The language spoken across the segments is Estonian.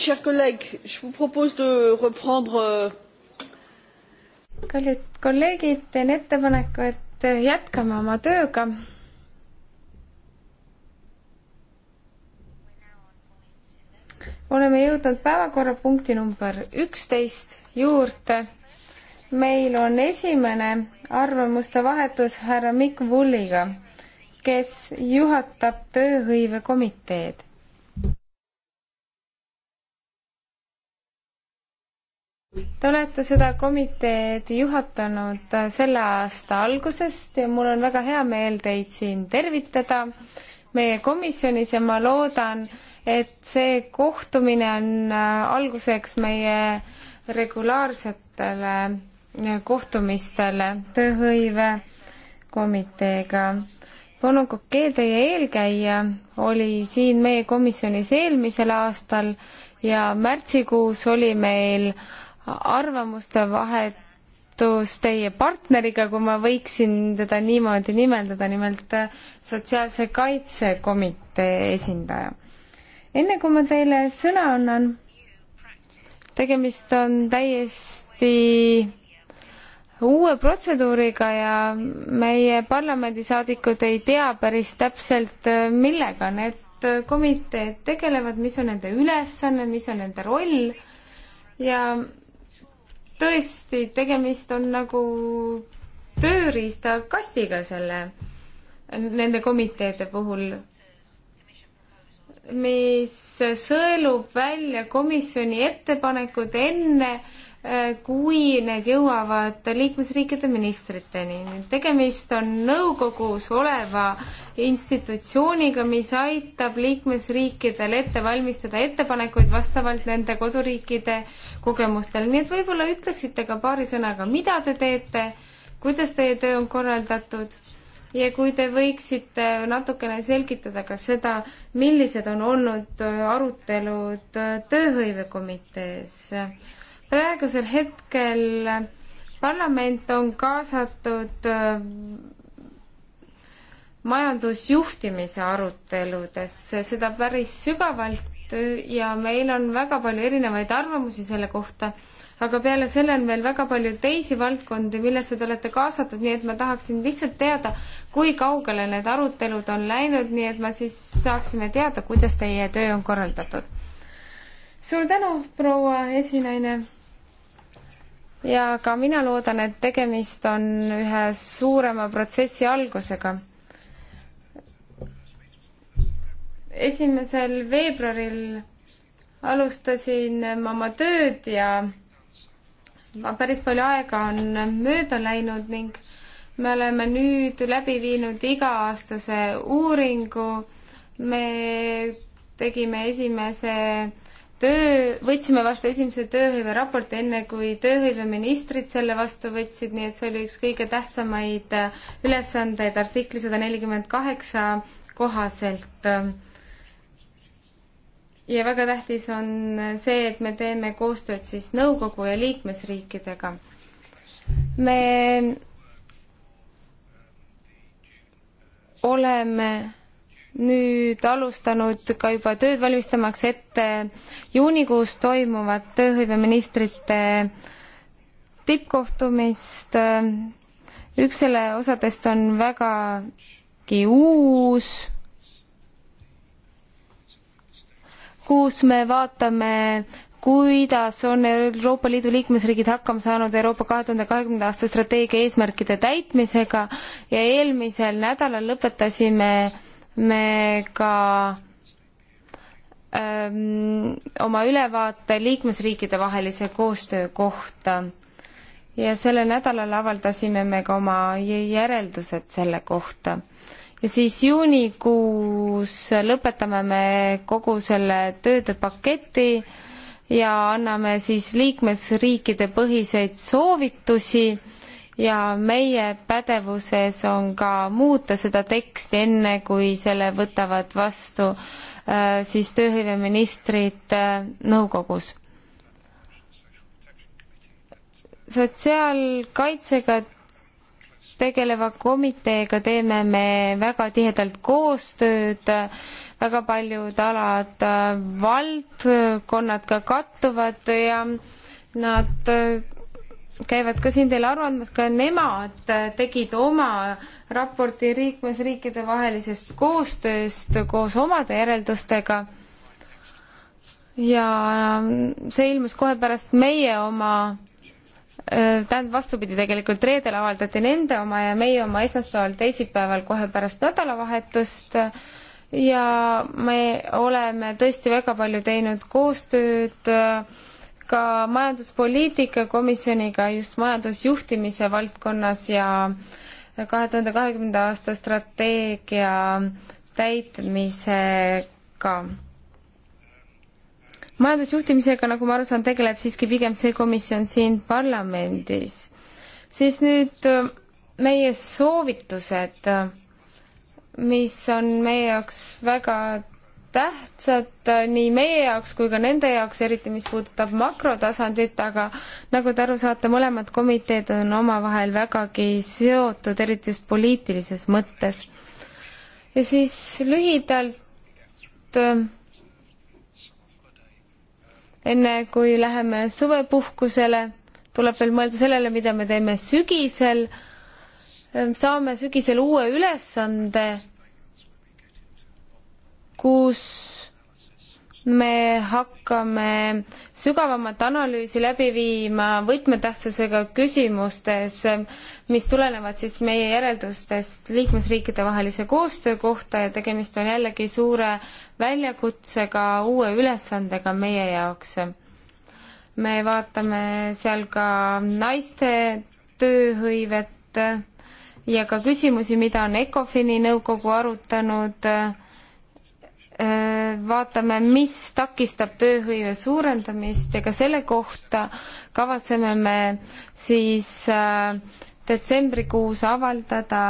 chers collègues je vous propose de reprendre euh, kallid kolleegid teen ettepaneku et jätkame oma tööga oleme jõudnud päevakorrapunkti number üksteist juurde meil on esimene arvamuste vahetus härra Mikk Vulliga kes juhatab tööhõivekomiteed Te olete seda komiteed juhatanud äh, selle aasta algusest ja mul on väga hea meel teid siin tervitada meie komisjonis ja ma loodan, et see kohtumine on äh, alguseks meie regulaarsetele äh, kohtumistele tööhõive komiteega. Bono Kokee, teie eelkäija, oli siin meie komisjonis eelmisel aastal ja märtsikuus oli meil äh, arvamuste vahetus teie partneriga, kui ma võiksin teda niimoodi nimetada, nimelt äh, Sotsiaalse Kaitsekomitee esindaja. enne kui ma teile sõna annan, tegemist on täiesti uue protseduuriga ja meie parlamendisaadikud ei tea päris täpselt, äh, millega need äh, komiteed tegelevad, mis on nende ülesanne, mis on nende roll ja tõesti, tegemist on nagu tööriistakastiga selle, nende komiteede puhul, mis sõelub välja komisjoni ettepanekud enne, Äh, kui need jõuavad liikmesriikide ministriteni. tegemist on nõukogus oleva institutsiooniga, mis aitab liikmesriikidel ette valmistada ettepanekuid vastavalt nende koduriikide kogemustele. nii et võib-olla ütleksite ka paari sõnaga, mida te teete, kuidas teie töö on korraldatud ja kui te võiksite natukene selgitada ka seda, millised on olnud arutelud tööhõivekomitees praegusel hetkel parlament on kaasatud äh, majandusjuhtimise aruteludesse, seda päris sügavalt ja meil on väga palju erinevaid arvamusi selle kohta, aga peale selle on veel väga palju teisi valdkondi, millesse te olete kaasatud, nii et ma tahaksin lihtsalt teada, kui kaugele need arutelud on läinud, nii et ma siis saaksime teada, kuidas teie töö on korraldatud. suur tänu, proua esinaine ja ka mina loodan, et tegemist on ühe suurema protsessi algusega. esimesel veebruaril alustasin ma oma tööd ja ma päris palju aega on mööda läinud ning me oleme nüüd läbi viinud iga-aastase uuringu, me tegime esimese töö, võtsime vastu esimese tööhõive raporti, enne kui tööhõiveministrid selle vastu võtsid, nii et see oli üks kõige tähtsamaid äh, ülesandeid artikli sada nelikümmend kaheksa kohaselt. ja väga tähtis on see, et me teeme koostööd siis nõukogu ja liikmesriikidega. me oleme nüüd alustanud ka juba tööd valmistamaks ette juunikuus toimuvat tööhõiveministrite tippkohtumist. üks selle osadest on vägagi uus, kus me vaatame kuidas on Euroopa Liidu liikmesriigid hakkama saanud Euroopa kahe tuhande kahekümnenda aasta strateegia eesmärkide täitmisega ja eelmisel nädalal lõpetasime me ka öö, ähm, oma ülevaate liikmesriikide vahelise koostöö kohta ja sellel nädalal avaldasime me ka oma järeldused selle kohta. ja siis juunikuus lõpetame me kogu selle tööde paketi ja anname siis liikmesriikide põhiseid soovitusi ja meie pädevuses on ka muuta seda teksti enne, kui selle võtavad vastu äh, siis tööhõiveministrid äh, nõukogus. sotsiaalkaitsega tegeleva komiteega teeme me väga tihedalt koostööd, väga paljud alad, äh, valdkonnad ka kattuvad ja nad käivad ka siin teil aru andmas, ka nemad tegid oma raporti liikmesriikide vahelisest koostööst koos omade järeldustega. ja ähm, see ilmus kohe pärast meie oma, äh, tähendab vastupidi, tegelikult reedel avaldati nende oma ja meie oma esmaspäeval, teisipäeval kohe pärast nädalavahetust ja me oleme tõesti väga palju teinud koostööd äh, ka majanduspoliitika komisjoniga just majandusjuhtimise valdkonnas ja kahe tuhande kahekümnenda aasta strateegia täitmisega. majandusjuhtimisega, nagu ma aru saan, tegeleb siiski pigem see komisjon siin parlamendis. siis nüüd äh, meie soovitused, äh, mis on meie jaoks väga tähtsad äh, nii meie jaoks kui ka nende jaoks, eriti mis puudutab makrotasandit, aga nagu te aru saate, mõlemad komiteed on omavahel vägagi seotud, eriti just poliitilises mõttes. ja siis lühidalt äh, enne kui läheme suvepuhkusele, tuleb veel mõelda sellele, mida me teeme sügisel, äh, saame sügisel uue ülesande kus me hakkame sügavamat analüüsi läbi viima võtmetähtsusega küsimustes, mis tulenevad siis meie järeldustest liikmesriikide vahelise koostöö kohta ja tegemist on jällegi suure väljakutsega, uue ülesandega meie jaoks. me vaatame seal ka naiste tööhõivet ja ka küsimusi, mida on Ecofini nõukogu arutanud Äh, vaatame, mis takistab tööhõive suurendamist ja ka selle kohta kavatseme me siis äh, detsembrikuus avaldada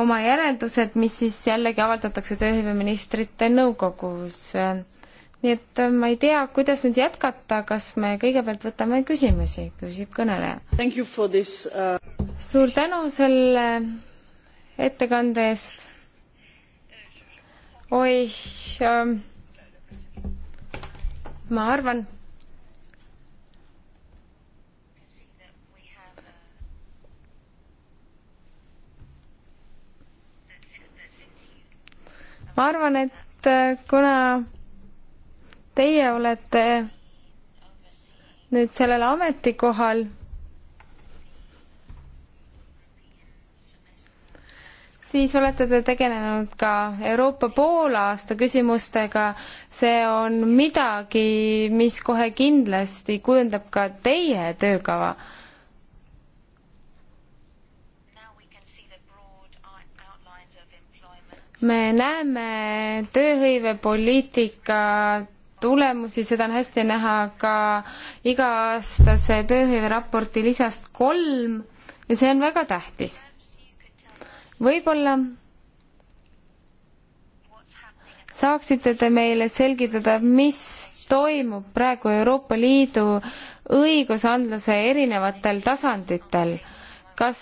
oma järeldused, mis siis jällegi avaldatakse tööhõiveministrite nõukogus. nii et äh, ma ei tea, kuidas nüüd jätkata, kas me kõigepealt võtame küsimusi, küsib kõneleja. Uh... suur tänu selle ettekande eest oih ähm,, ma arvan, ma arvan, et äh, kuna teie olete nüüd sellel ametikohal siis olete te tegelenud ka Euroopa poolaasta küsimustega. see on midagi, mis kohe kindlasti kujundab ka teie töökava me näeme tööhõivepoliitika tulemusi, seda on hästi näha ka iga-aastase tööhõiveraporti lisast kolm ja see on väga tähtis võib-olla saaksite te meile selgitada, mis toimub praegu Euroopa Liidu õigusandluse erinevatel tasanditel? kas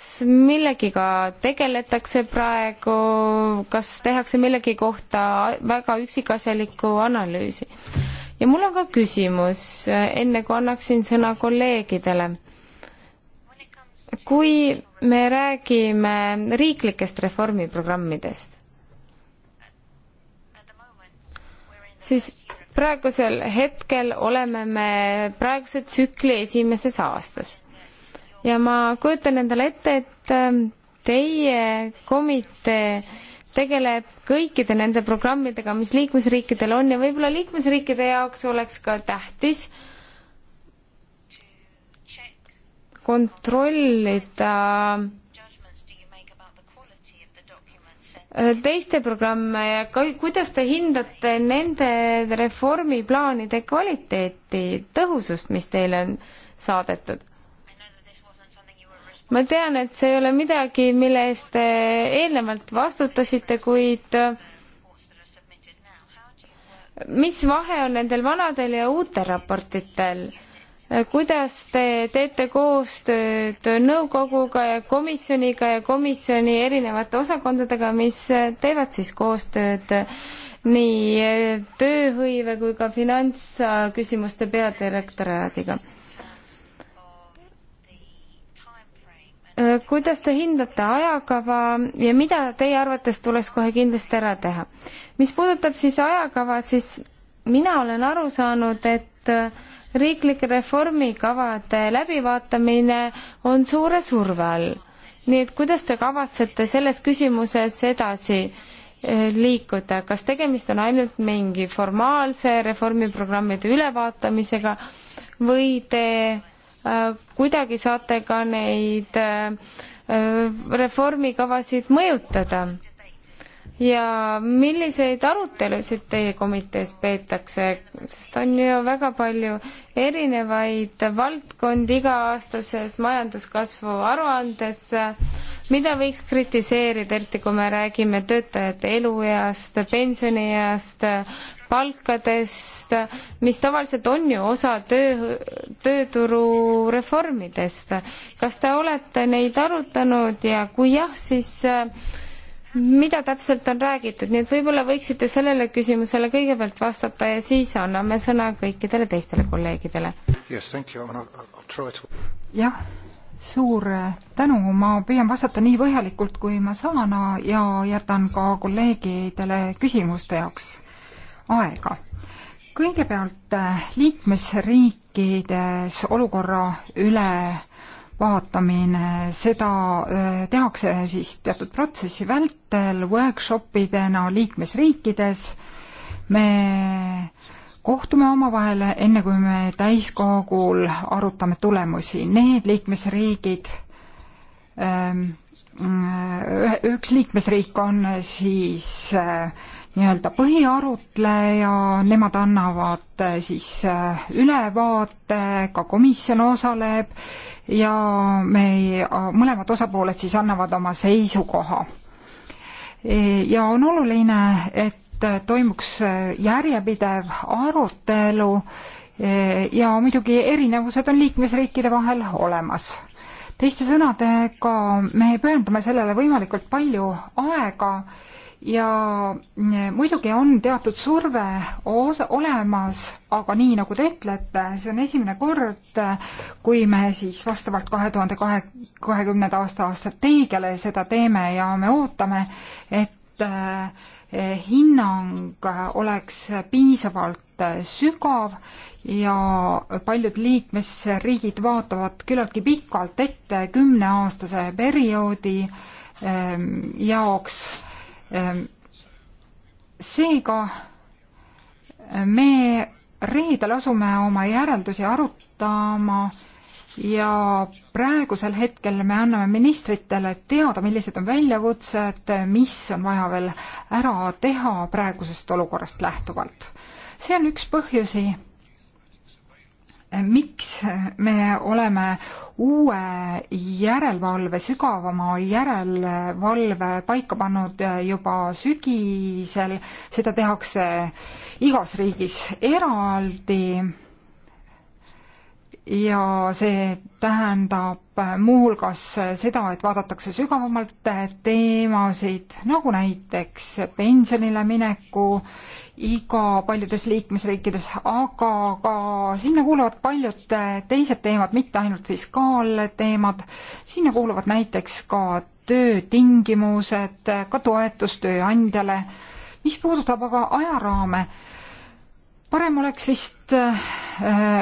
millegiga tegeletakse praegu, kas tehakse millegi kohta väga üksikasjalikku analüüsi? ja mul on ka küsimus, enne kui annaksin sõna kolleegidele kui me räägime riiklikest reformiprogrammidest, siis praegusel hetkel oleme me praeguse tsükli esimeses aastas. ja ma kujutan endale ette, et ähm, teie komitee tegeleb kõikide nende programmidega, mis liikmesriikidel on ja võib-olla liikmesriikide jaoks oleks ka tähtis äh, kontrollida teiste programme ja ka, kuidas te hindate nende reformiplaanide kvaliteeti, tõhusust, mis teile on saadetud? ma tean, et see ei ole midagi, mille eest te eelnevalt vastutasite, kuid mis vahe on nendel vanadel ja uutel raportitel? kuidas te teete koostööd nõukoguga ja komisjoniga ja komisjoni erinevate osakondadega, mis teevad siis koostööd nii tööhõive kui ka finantsküsimuste peadirektoraadiga? kuidas te hindate ajakava ja mida teie arvates tuleks kohe kindlasti ära teha? mis puudutab siis ajakava, siis mina olen aru saanud, et riiklike reformikavade läbivaatamine on suure surve all. nii et kuidas te kavatsete selles küsimuses edasi eh, liikuda, kas tegemist on ainult mingi formaalse reformiprogrammide ülevaatamisega või te äh, kuidagi saate ka neid äh, reformikavasid mõjutada? ja milliseid arutelusid teie komitees peetakse, sest on ju väga palju erinevaid valdkondi iga-aastases majanduskasvu aruandes, mida võiks kritiseerida, eriti kui me räägime töötajate elueast, pensionieast, palkadest, mis tavaliselt on ju osa töö, tööturu reformidest. kas te olete neid arutanud ja kui jah, siis mida täpselt on räägitud, nii et võib-olla võiksite sellele küsimusele kõigepealt vastata ja siis anname sõna kõikidele teistele kolleegidele. jah, suur tänu, ma püüan vastata nii põhjalikult, kui ma saan ja jätan ka kolleegidele küsimuste jaoks aega. kõigepealt liikmesriikides olukorra üle läbivaatamine, seda äh, tehakse siis teatud protsessi vältel workshopidena liikmesriikides. me kohtume omavahel, enne kui me täiskogul arutame tulemusi. Need liikmesriigid, ähm, äh, üks liikmesriik on siis äh, nii-öelda põhiarutleja, nemad annavad eh, siis eh, ülevaate, ka komisjon osaleb ja me, eh, mõlemad osapooled siis annavad oma seisukoha. E, ja on oluline, et toimuks järjepidev arutelu e, ja muidugi erinevused on liikmesriikide vahel olemas teiste sõnadega, me pühendame sellele võimalikult palju aega ja mm, muidugi on teatud surve olemas, aga nii, nagu te ütlete, see on esimene kord, kui me siis vastavalt kahe tuhande kahe, kahekümnenda aasta strateegiale seda teeme ja me ootame, et eh, hinnang oleks piisavalt sügav ja paljud liikmesriigid vaatavad küllaltki pikalt ette kümneaastase perioodi eh, jaoks Ähm, seega äh, me reedel asume oma järeldusi arutama ja praegusel hetkel me anname ministritele teada, millised on väljakutsed, mis on vaja veel ära teha praegusest olukorrast lähtuvalt. see on üks põhjusi, miks me oleme uue järelevalve, sügavama järelevalve paika pannud juba sügisel, seda tehakse igas riigis eraldi ja see tähendab muuhulgas seda, et vaadatakse sügavamalt teemasid, nagu näiteks pensionile mineku iga paljudes liikmesriikides, aga ka sinna kuuluvad paljud teised teemad, mitte ainult fiskaalteemad, sinna kuuluvad näiteks ka töötingimused, ka toetus tööandjale. mis puudutab aga ajaraame, parem oleks vist äh,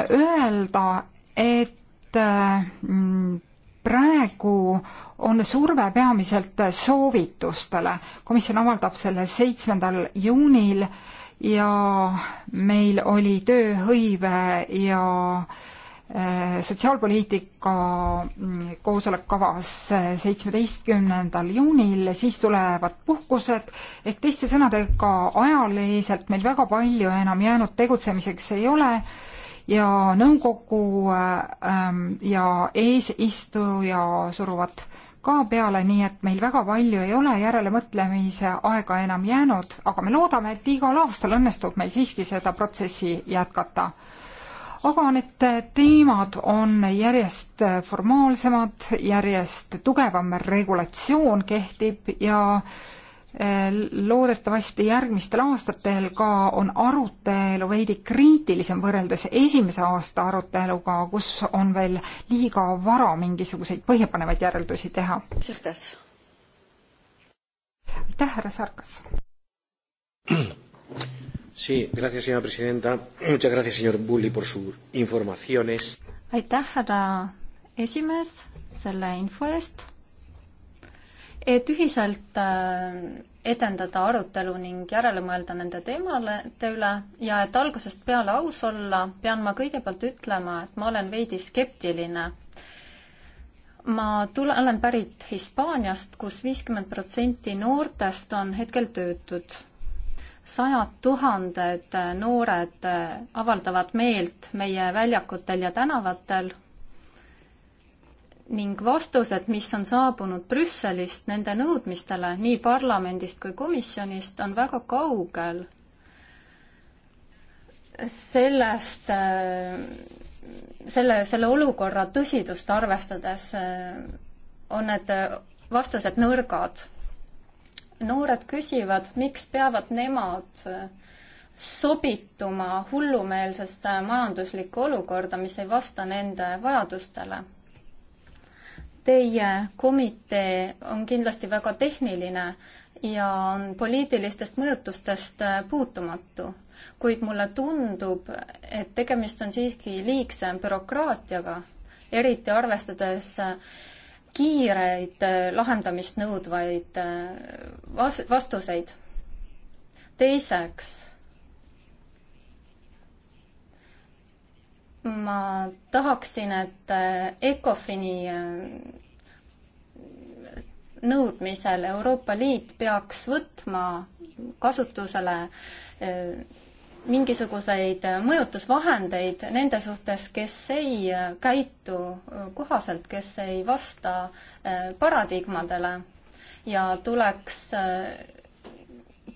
öelda, et mm, praegu on surve peamiselt soovitustele. komisjon avaldab selle seitsmendal juunil ja meil oli tööhõive ja eh, sotsiaalpoliitika mm, koosolek kavas eh, seitsmeteistkümnendal juunil, siis tulevad puhkused, ehk teiste sõnadega, ajaliselt meil väga palju enam jäänud tegutsemiseks ei ole ja nõukogu ähm, ja eesistuja suruvad ka peale, nii et meil väga palju ei ole järelemõtlemise aega enam jäänud, aga me loodame, et igal aastal õnnestub meil siiski seda protsessi jätkata. aga need teemad on järjest formaalsemad, järjest tugevam regulatsioon kehtib ja äh, Äh, loodetavasti järgmistel aastatel ka on arutelu veidi kriitilisem võrreldes esimese aasta aruteluga, kus on veel liiga vara mingisuguseid põhjapanevaid järeldusi teha. aitäh, härra Sarkas. Sí, gracias, señora presidenta. Muchas gracias, señor Bulli, por sus informaciones. aitäh, härra esimees, selle info eest et ühiselt äh, edendada arutelu ning järele mõelda nende teemade üle ja et algusest peale aus olla, pean ma kõigepealt ütlema, et ma olen veidi skeptiline. ma tule, olen pärit Hispaaniast kus, kus viiskümmend protsenti noortest on hetkel töötud. sajad tuhanded noored avaldavad meelt meie väljakutel ja tänavatel ning vastused, mis on saabunud Brüsselist nende nõudmistele nii parlamendist kui komisjonist, on väga kaugel sellest, äh, selle, selle olukorra tõsidust arvestades äh, on need äh, vastused nõrgad. noored küsivad, miks peavad nemad sobituma hullumeelsesse majanduslikku olukorda, mis ei vasta nende vajadustele Teie komitee on kindlasti väga tehniline ja on poliitilistest mõjutustest äh, puutumatu, kuid mulle tundub, et tegemist on siiski liigse bürokraatiaga, eriti arvestades äh, kiireid äh, lahendamist nõudvaid vas-, vastuseid. teiseks ma tahaksin, et äh, ECOFIN-i äh, nõudmisel Euroopa Liit peaks võtma kasutusele äh, mingisuguseid mõjutusvahendeid nende suhtes, kes ei käitu kohaselt, kes ei vasta paradigmadele ja tuleks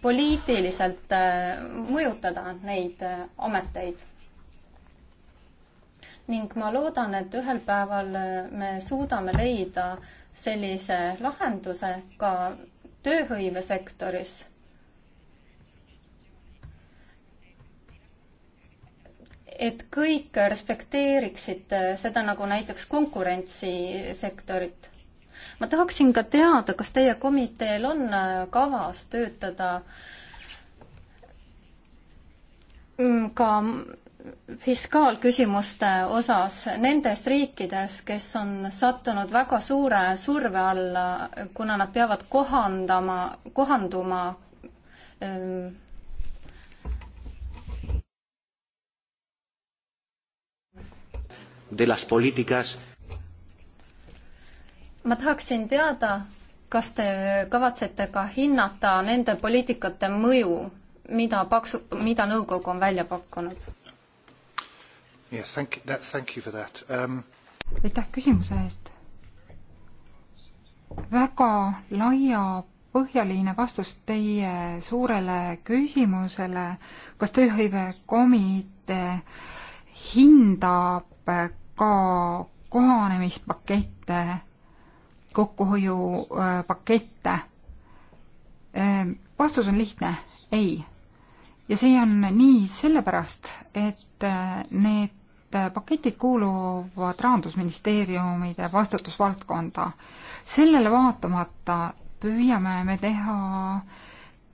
poliitiliselt mõjutada neid ameteid ning ma loodan, et ühel päeval äh, me suudame leida sellise lahenduse ka tööhõivesektoris. et kõik respekteeriksid äh, seda nagu näiteks konkurentsisektorit. ma tahaksin ka teada, kas teie komiteel on äh, kavas töötada mm, ka fiskaalküsimuste osas nendes riikides, kes on sattunud väga suure surve alla, kuna nad peavad kohandama, kohanduma öö, ähm, de las políticas. ma tahaksin teada, kas te kavatsete ka hinnata nende poliitikate mõju, mida paksu, mida nõukogu on välja pakkunud? Yes, thank you, that, thank you for that um.... aitäh küsimuse eest. väga laiapõhjaline vastus teie suurele küsimusele, kas tööhõivekomitee hindab ka kohanemispakette, kokkuhoiupakette? Äh, ähm, vastus on lihtne, ei ja see on nii sellepärast, et äh, need et paketid kuuluvad Rahandusministeeriumide vastutusvaldkonda. sellele vaatamata püüame me teha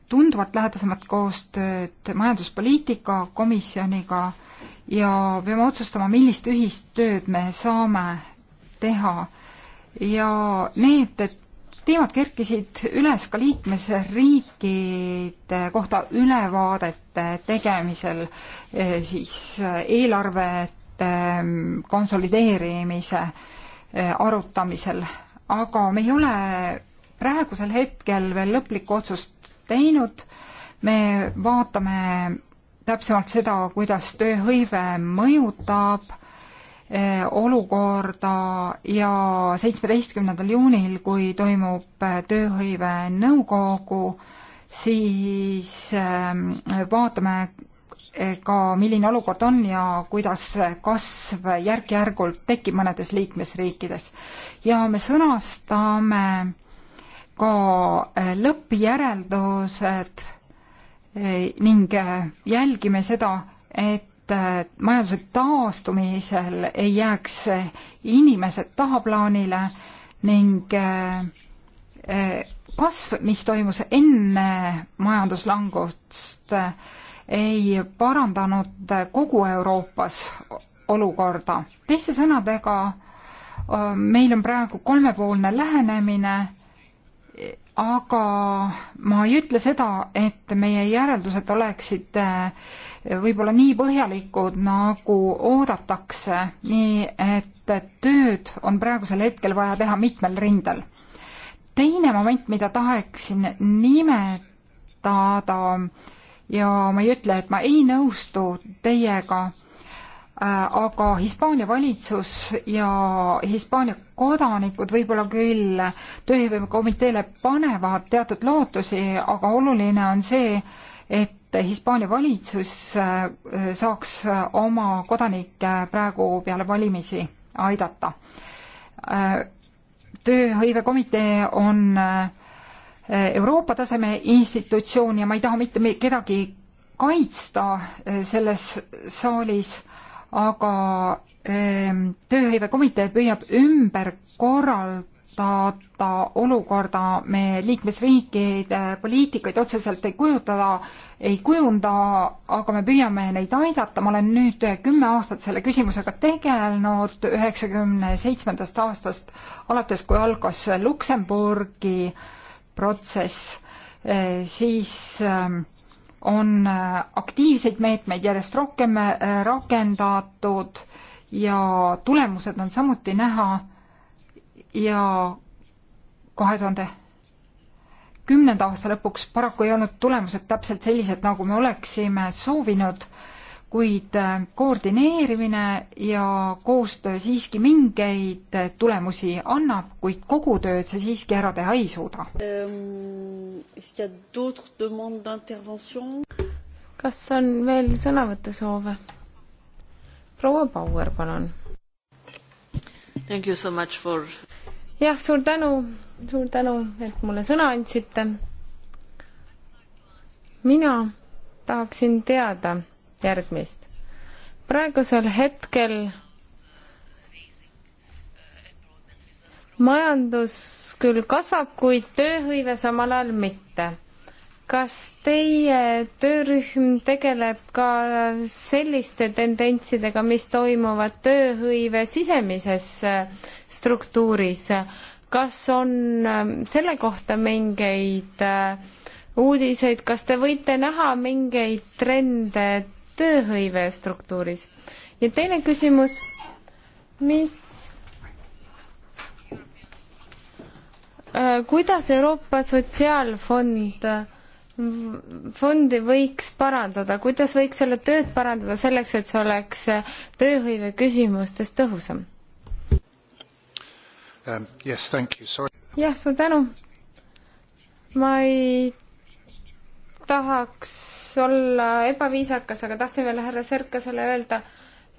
tunduvalt lähedasemat koostööd majanduspoliitika komisjoniga ja peame otsustama, millist ühist tööd me saame teha. ja need teemad kerkisid üles ka liikmesriikide kohta ülevaadete tegemisel eh, siis eelarve Ehm, konsolideerimise eh, arutamisel, aga me ei ole praegusel hetkel veel lõplikku otsust teinud, me vaatame täpsemalt seda, kuidas tööhõive mõjutab eh, olukorda ja seitsmeteistkümnendal juunil, kui toimub eh, tööhõive nõukogu, siis ehm, vaatame, ka milline olukord on ja kuidas kasv järk-järgult tekib mõnedes liikmesriikides. ja me sõnastame ka eh, lõppjäreldused eh, ning eh, jälgime seda, et majanduse taastumisel ei jääks inimesed tahaplaanile ning kasv, mis toimus enne majanduslangust, ei parandanud kogu Euroopas olukorda. teiste sõnadega, meil on praegu kolmepoolne lähenemine, aga ma ei ütle seda, et meie järeldused oleksid võib-olla nii põhjalikud, nagu oodatakse, nii et tööd on praegusel hetkel vaja teha mitmel rindel. teine moment, mida tahaksin nimetada, ja ma ei ütle, et ma ei nõustu teiega, äh, aga Hispaania valitsus ja Hispaania kodanikud võib-olla küll tööhõivekomiteele panevad teatud lootusi, aga oluline on see, et Hispaania valitsus äh, saaks oma kodanikke praegu peale valimisi aidata. Äh, tööhõivekomitee on äh, Euroopa taseme institutsioon ja ma ei taha mitte kedagi kaitsta eh, selles saalis, aga ehm, tööhõivekomitee püüab ümber korraldada olukorda, me liikmesriikide poliitikaid otseselt ei kujutada, ei kujunda, aga me püüame neid aidata, ma olen nüüd kümme aastat selle küsimusega tegelenud, üheksakümne seitsmendast aastast alates, kui algas Luksemburgi äh, protsess, eh, siis ähm, on äh, aktiivseid meetmeid järjest rohkem äh, rakendatud ja tulemused on samuti näha ja kahe tuhande kümnenda aasta lõpuks paraku ei olnud tulemused täpselt sellised, nagu me oleksime soovinud kuid äh, koordineerimine ja koostöö siiski mingeid tulemusi annab, kuid kogu tööd see siiski ära teha ei suuda. Ähm, kas on veel sõnavõtusoove? proua Bauer, palun. For... jah, suur tänu, suur tänu, et mulle sõna andsite. mina tahaksin teada järgmist. praegusel hetkel majandus küll kasvab, kuid tööhõive samal ajal mitte. kas teie töörühm tegeleb ka selliste tendentsidega, mis toimuvad tööhõive sisemises struktuuris? kas on ähm, selle kohta mingeid äh, uudiseid, kas te võite näha mingeid trende tööhõive struktuuris? ja teine küsimus, mis, äh, kuidas Euroopa Sotsiaalfond, äh, fondi võiks parandada, kuidas võiks selle tööd parandada selleks, et see oleks äh, tööhõive küsimustes tõhusam? Um, jah, suur tänu. ma ei tahaks olla ebaviisakas, aga tahtsin veel härra Serkasele öelda,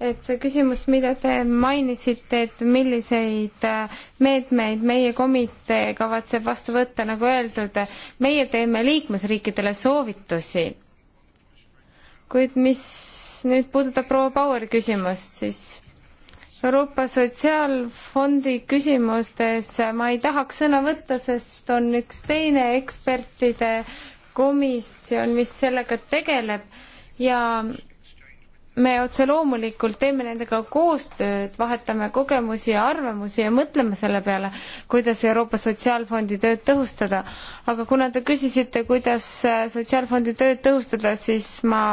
et see küsimus, mida te mainisite, et milliseid äh, meetmeid meie komitee kavatseb vastu võtta, nagu öeldud, meie teeme liikmesriikidele soovitusi. kuid mis nüüd puudutab proua Baueri küsimust, siis Euroopa Sotsiaalfondi küsimustes ma ei tahaks sõna võtta, sest on üks teine ekspertide komisjon, mis sellega tegeleb ja me otse loomulikult teeme nendega koostööd, vahetame kogemusi ja arvamusi ja mõtleme selle peale, kuidas Euroopa Sotsiaalfondi tööd tõhustada. aga kuna te küsisite, kuidas äh, Sotsiaalfondi tööd tõhustada, siis ma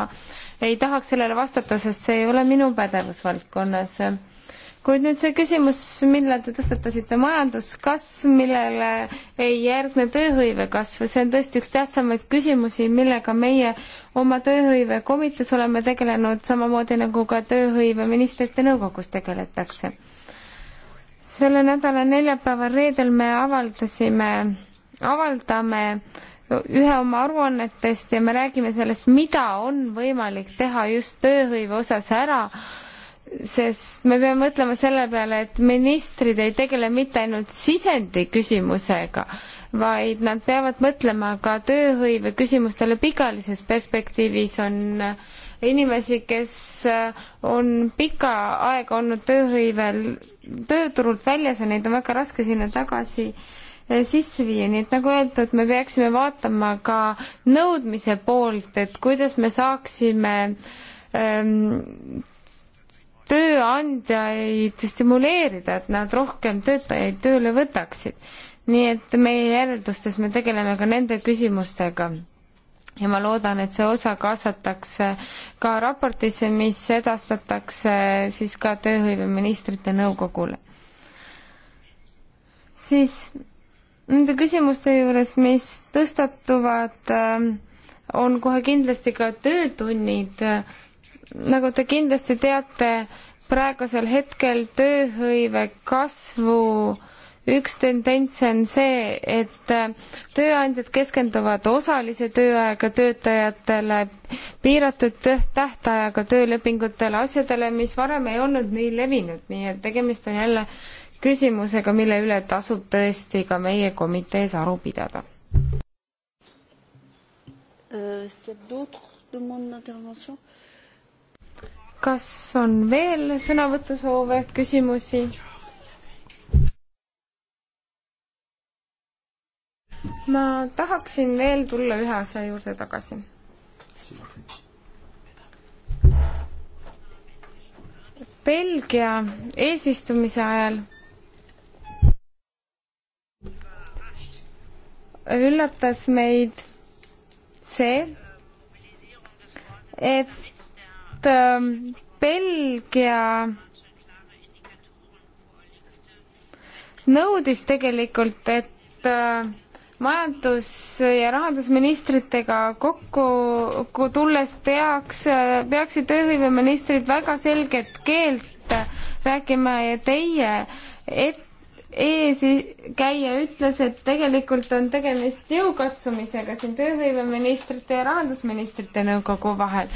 ei tahaks sellele vastata, sest see ei ole minu pädevusvaldkonnas kuid nüüd see küsimus, mille te tõstatasite, majanduskasv, millele ei järgne tööhõive kasv, see on tõesti üks tähtsamaid küsimusi, millega meie oma tööhõivekomitees oleme tegelenud, samamoodi nagu ka tööhõiveministrite nõukogus tegeletakse. selle nädala neljapäeval, reedel me avaldasime, avaldame ühe oma aruannetest ja me räägime sellest, mida on võimalik teha just tööhõive osas ära sest me peame mõtlema selle peale, et ministrid ei tegele mitte ainult sisendi küsimusega, vaid nad peavad mõtlema ka tööhõive küsimustele pikaajalises perspektiivis on inimesi, kes on pikka aega olnud tööhõivel, tööturult väljas ja neid on väga raske sinna tagasi eh, sisse viia, nii et nagu öeldud, me peaksime vaatama ka nõudmise poolt, et kuidas me saaksime ähm, tööandjaid stimuleerida, et nad rohkem töötajaid tööle võtaksid. nii et meie järeldustes me tegeleme ka nende küsimustega. ja ma loodan, et see osa kaasatakse ka raportisse, mis edastatakse siis ka tööhõiveministrite nõukogule. siis nende küsimuste juures, mis tõstatuvad, äh, on kohe kindlasti ka töötunnid nagu te kindlasti teate, praegusel hetkel tööhõive kasvu üks tendents on see, et äh, tööandjad keskenduvad osalise tööajaga töötajatele, piiratud tähtajaga töölepingutele, asjadele, mis varem ei olnud nii levinud, nii et tegemist on jälle küsimusega, mille üle tasub tõesti ka meie komitees aru pidada. Euh, est-ce qu'il y a d'autres demandes d'intervention euh, kas on veel sõnavõtusoove, küsimusi? ma tahaksin veel tulla ühe asja juurde tagasi. Belgia eesistumise ajal üllatas meid see, et Ähm, Belgia nõudis tegelikult, et äh, majandus- ja rahandusministritega kokku tulles peaks, äh, peaksid tööhõiveministrid väga selget keelt rääkima ja teie et, eeskäija ütles, et tegelikult on tegemist jõukatsumisega siin tööhõiveministrite ja rahandusministrite nõukogu vahel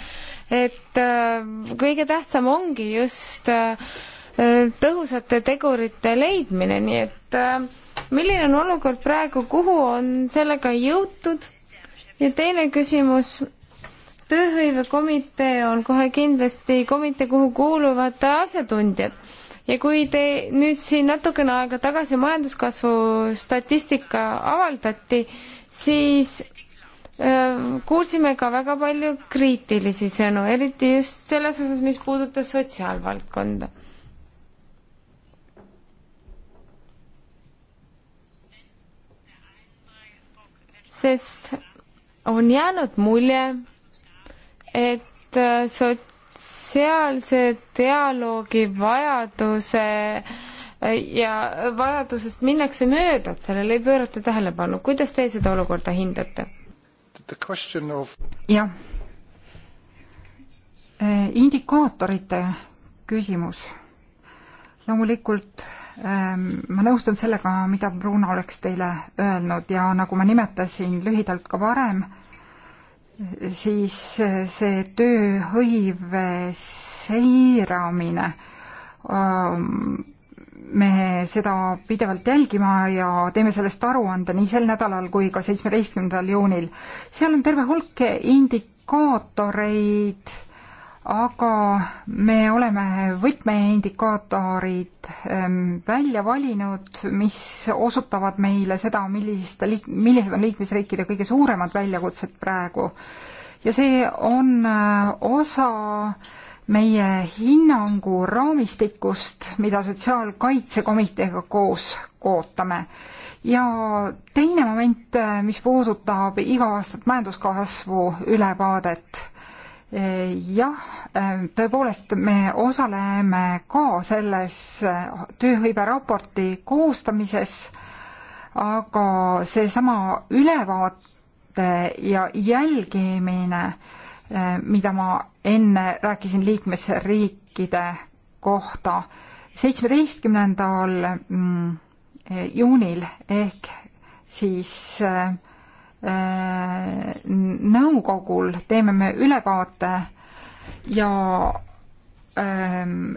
et äh, kõige tähtsam ongi just äh, tõhusate tegurite leidmine, nii et äh, milline on olukord praegu, kuhu on sellega jõutud? ja teine küsimus, tööhõivekomitee on kohe kindlasti komitee, kuhu kuuluvad asjatundjad ja kui te nüüd siin natukene aega tagasi majanduskasvu statistika avaldati, siis kuulsime ka väga palju kriitilisi sõnu, eriti just selles osas, mis puudutas sotsiaalvaldkonda. sest on jäänud mulje, et sotsiaalse dialoogi vajaduse ja vajadusest minnakse mööda, et sellele ei pöörata tähelepanu. kuidas teie seda olukorda hindate? jah. Äh, indikaatorite küsimus. loomulikult ähm, ma nõustun sellega, mida Bruno oleks teile öelnud ja nagu ma nimetasin lühidalt ka varem, siis äh, see tööhõive seiramine um, me seda pidevalt jälgima ja teeme sellest aruande nii sel nädalal kui ka seitsmeteistkümnendal juunil. seal on terve hulk indikaatoreid, aga me oleme võtmeindikaatorid ehm, välja valinud, mis osutavad meile seda, millist, millised on liikmesriikide kõige suuremad väljakutsed praegu. ja see on äh, osa meie hinnangu raamistikust, mida Sotsiaalkaitsekomiteega koos ootame. ja teine moment, mis puudutab iga-aastat majanduskasvu ülevaadet. jah, tõepoolest, me osaleme ka selles tööhõiveraporti koostamises, aga seesama ülevaate ja jälgimine äh, mida ma enne rääkisin liikmesriikide kohta. seitsmeteistkümnendal mm, juunil ehk siis äh, nõukogul teeme me ülevaate ja ähm,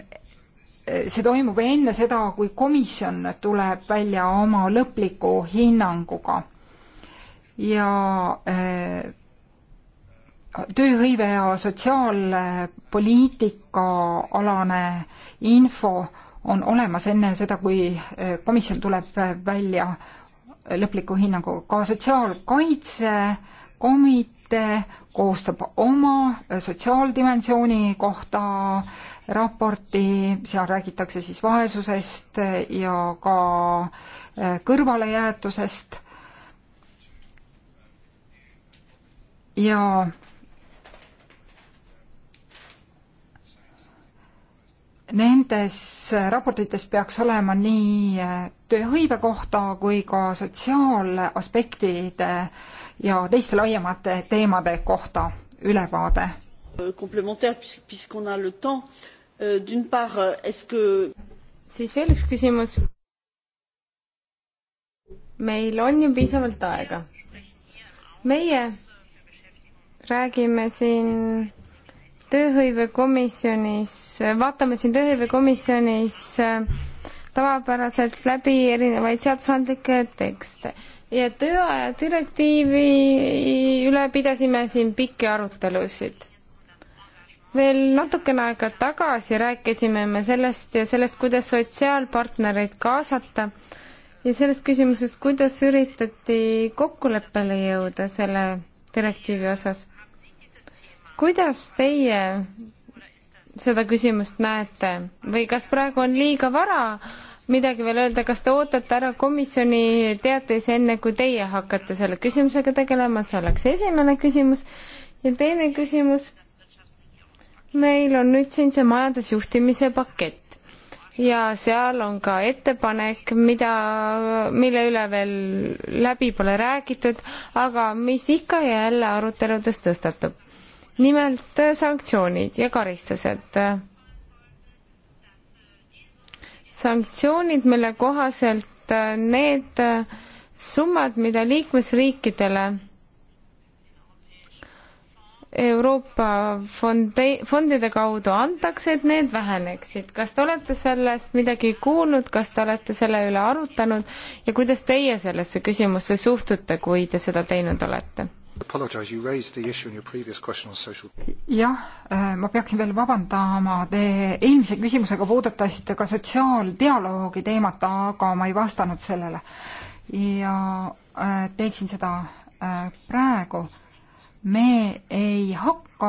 see toimub enne seda, kui komisjon tuleb välja oma lõpliku hinnanguga. ja äh, tööhõive ja sotsiaalpoliitika alane info on olemas enne seda, kui eh, komisjon tuleb eh, välja lõpliku hinnanguga. ka Sotsiaalkaitsekomitee koostab oma eh, sotsiaaldimensiooni kohta raporti, seal räägitakse siis vaesusest ja ka kõrvalejäetusest ja Nendes raportites peaks olema nii äh, tööhõive kohta kui ka sotsiaalaspektide ja teiste laiemate teemade kohta ülevaade. Euh, euh, euh, siis veel üks küsimus. meil on ju piisavalt aega. meie räägime siin tööhõivekomisjonis, vaatame siin tööhõivekomisjonis äh, tavapäraselt läbi erinevaid seadusandlikke tekste ja tööaja direktiivi üle pidasime siin pikki arutelusid veel natukene aega tagasi rääkisime me sellest ja sellest, kuidas sotsiaalpartnereid kaasata ja sellest küsimusest, kuidas üritati kokkuleppele jõuda selle direktiivi osas kuidas teie seda küsimust näete või kas praegu on liiga vara midagi veel öelda, kas te ootate ära komisjoni teatis, enne kui teie hakkate selle küsimusega tegelema, see oleks esimene küsimus. ja teine küsimus, meil on nüüd siin see majandusjuhtimise pakett ja seal on ka ettepanek, mida, mille üle veel läbi pole räägitud, aga mis ikka ja jälle aruteludes tõstatub nimelt äh, sanktsioonid ja karistused. sanktsioonid, mille kohaselt äh, need äh, summad, mida liikmesriikidele Euroopa fondi, fondide kaudu antakse, et need väheneksid. kas te olete sellest midagi kuulnud, kas te olete selle üle arutanud ja kuidas teie sellesse küsimusse suhtute, kui te seda teinud olete? jah, äh, ma peaksin veel vabandama, te eelmise küsimusega puudutasite ka sotsiaaldialoogi teemat, aga ma ei vastanud sellele. ja äh, teeksin seda äh, praegu me ei hakka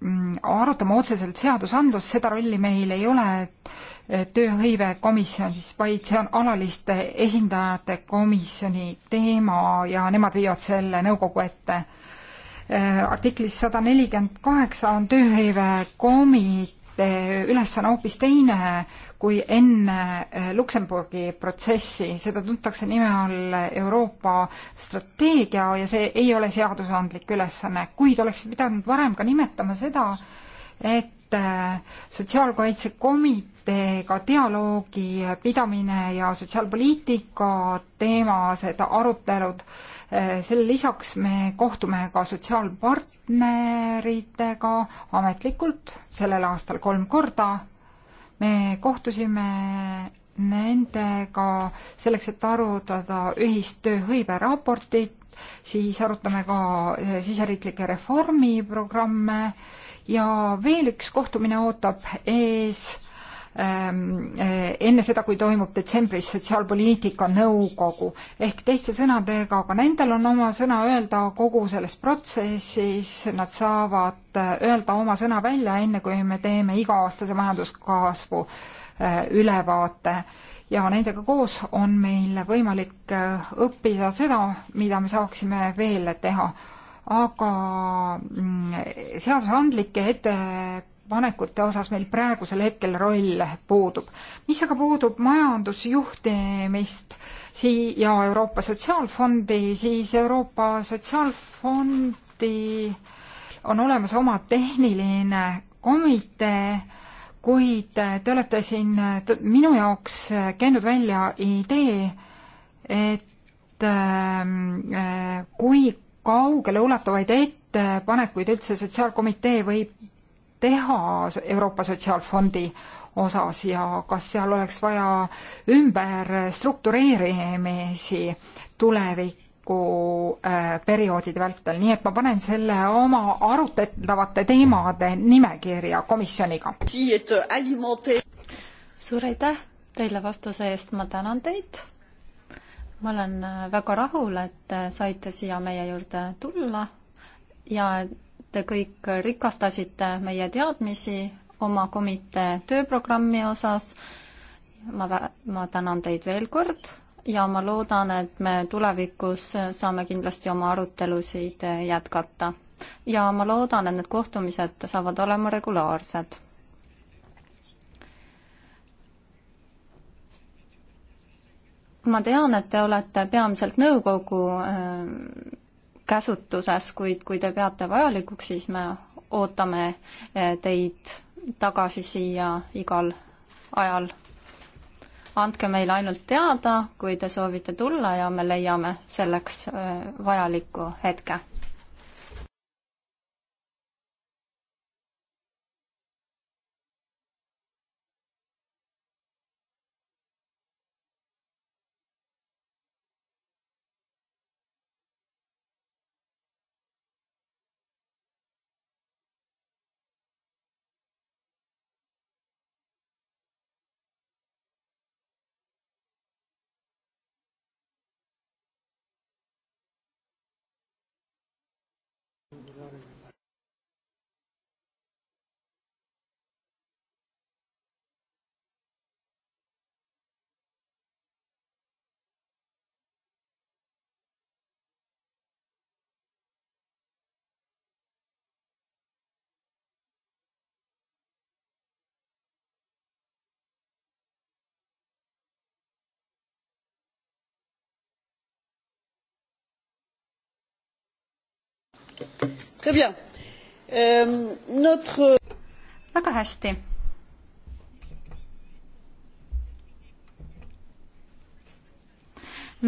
mm, arutama otseselt seadusandlust, seda rolli meil ei ole tööhõivekomisjonis, vaid see on alaliste esindajate komisjoni teema ja nemad viivad selle nõukogu ette. Äh, artiklis sada nelikümmend kaheksa on tööhõivekomitee ülesanne hoopis teine kui enne eh, Luksemburgi protsessi, seda tuntakse nime all Euroopa strateegia ja see ei ole seadusandlik ülesanne, kuid oleks pidanud varem ka nimetama seda, et eh, sotsiaalkaitsekomiteega dialoogi pidamine ja sotsiaalpoliitika teemased arutelud, eh, selle lisaks me kohtume ka sotsiaalpartneritega ametlikult sellel aastal kolm korda, me kohtusime nendega selleks, et arutada ühist tööhõive raportit, siis arutame ka siseriiklikke reformiprogramme ja veel üks kohtumine ootab ees Ehm, eh, enne seda, kui toimub detsembris Sotsiaalpoliitika Nõukogu. ehk teiste sõnadega, ka nendel on oma sõna öelda kogu selles protsessis, nad saavad eh, öelda oma sõna välja, enne kui me teeme iga-aastase majanduskasvu eh, ülevaate ja nendega koos on meil võimalik õppida seda, mida me saaksime veel teha. aga mm, seadusandlike ette ettepanekute osas meil praegusel hetkel roll puudub. mis aga puudub majandusjuhtimist sii- ja Euroopa Sotsiaalfondi, siis Euroopa Sotsiaalfondi on olemas oma tehniline komitee, kuid te olete siin minu jaoks käinud välja idee, et ähm, äh, kui kaugele ulatuvaid ettepanekuid üldse Sotsiaalkomitee võib teha Euroopa Sotsiaalfondi osas ja kas seal oleks vaja ümber struktureerimisi tuleviku äh, perioodide vältel, nii et ma panen selle oma arutatavate teemade nimekirja komisjoniga. suur aitäh teile vastuse eest, ma tänan teid. ma olen väga rahul, et saite siia meie juurde tulla ja te kõik rikastasite meie teadmisi oma komitee tööprogrammi osas. ma, ma tänan teid veel kord ja ma loodan, et me tulevikus saame kindlasti oma arutelusid jätkata. ja ma loodan, et need kohtumised saavad olema regulaarsed. ma tean, et te olete peamiselt nõukogu käsutuses, kuid kui te peate vajalikuks, siis me ootame eh, teid tagasi siia igal ajal. andke meile ainult teada, kui te soovite tulla ja me leiame selleks eh, vajaliku hetke Très bien. Euh, notre... väga hästi.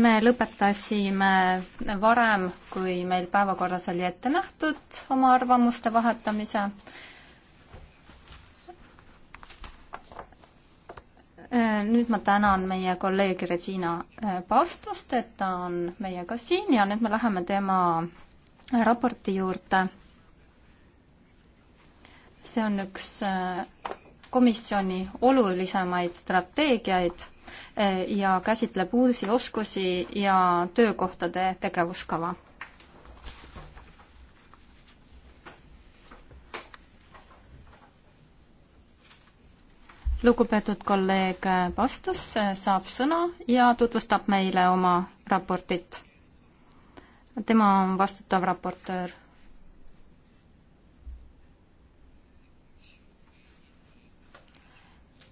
me lõpetasime varem, kui meil päevakorras oli ette nähtud oma arvamuste vahetamise. Äh, nüüd ma tänan meie kolleegi Regina äh, Pastost, et ta on meiega siin ja nüüd me läheme tema raporti juurde. see on üks äh, komisjoni olulisemaid strateegiaid äh, ja käsitleb uusi oskusi ja töökohtade tegevuskava. lugupeetud kolleeg Pastus äh, saab sõna ja tutvustab meile oma raportit tema on vastutav raportöör.